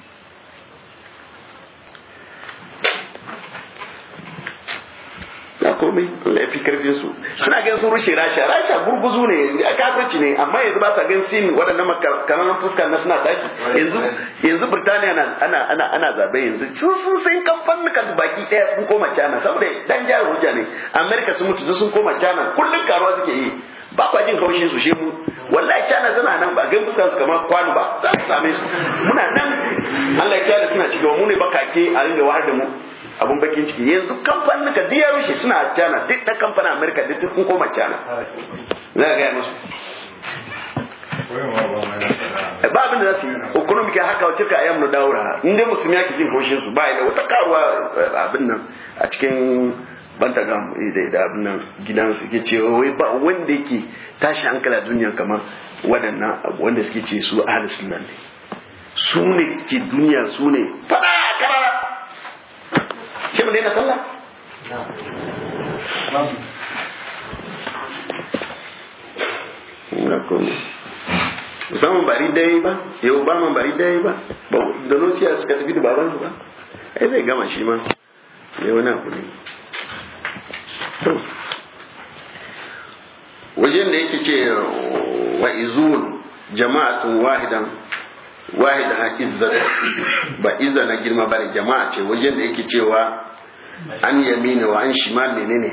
ba komai Allah ya fi karfin su suna gan sun rushe rasha rasha gurguzu ne a kafirci ne amma yanzu ba sa gan sin waɗannan makaranan fuska na suna tashi yanzu yanzu birtaniya ana ana ana zabe yanzu sun sun sun kamfan ka baki ɗaya sun koma china saboda dan jihar hujja ne amerika sun mutu sun koma china Kullum karuwa suke yi ba kwa jin haushin su shi mu wallahi tana zana nan ba gan fuskan su kamar kwano ba za su same su muna nan Allah ya suna cikin mu ne bakake a rinda wahar da mu abun bakin ciki yanzu kamfanin ka diya rushe suna cana duk ta kamfanin Amerika duk kun koma cana za ka gaya musu ba abin da za su yi haka wace ka ayyam na daura inda dai musulmi ya ki jin haushin su ba ila wata karuwa eh, abin nan a cikin banta ga da abin nan gidan ce wai ba wanda yake tashi hankali duniya kamar waɗannan wanda suke ce su ahli sunna ne su ne suke duniya su ne fada karara sai mu daina sallah na kuma musamman bari dai ba yau ba man bari dai ba ba da nosiya suka tafi da baban ba ai zai gama shi ma yau na kuma wajen da yake ce wa izun jama'atun wahidan wahida ha izza ba izza na girma bane jama'a ce wajen da yake cewa an yamina wa an shimal menene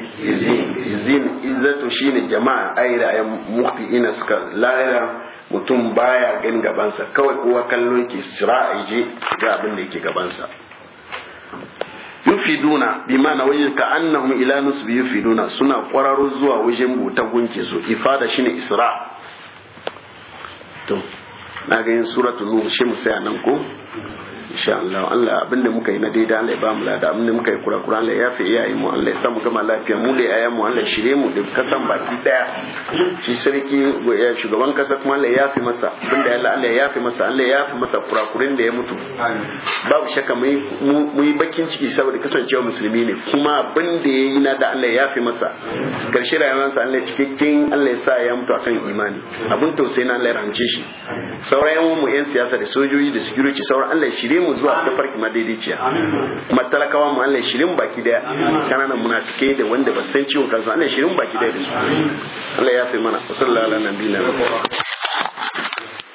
izin izzatu shine jama'a ai ra'ayin muqti'ina suka lalala mutum baya ganin gabansa kawai kowa kallon yake sira je ga abin da yake gabansa yufiduna bi ma'ana waje ka annahum ila nusbi yufiduna suna kwararo zuwa wajen buta gunki su ifada shine isra to na ga yin suratul nur shi mu nan ko insha Allah Allah abinda muka yi na daidai Allah ya ba mu lada abinda muka yi kurakura Allah ya fi iyayen mu Allah ya sa mu gama lafiya mu da iyayen mu Allah shire mu da kasan baki daya shi sarki ya shugaban kasa kuma Allah ya fi masa abinda Allah Allah ya fi masa Allah ya fi masa kurakurin da ya mutu babu shakka mu yi bakin ciki saboda kasancewa musulmi ne kuma abin da ya yi na da Allah ya fi masa karshe rayuwarsa Allah cikakken Allah ya sa ya mutu akan imani abin tausayi na Allah ya rance shi sauran yan mu yan siyasa da sojoji da security sauran Allah shirye mu zuwa tafarki madaidaiciya kuma talakawa mu Allah shirin baki daya kananan cike da wanda ba san ciwon kansa Allah shirin baki daya da su Allah ya fi mana sallallahu alaihi wa sallam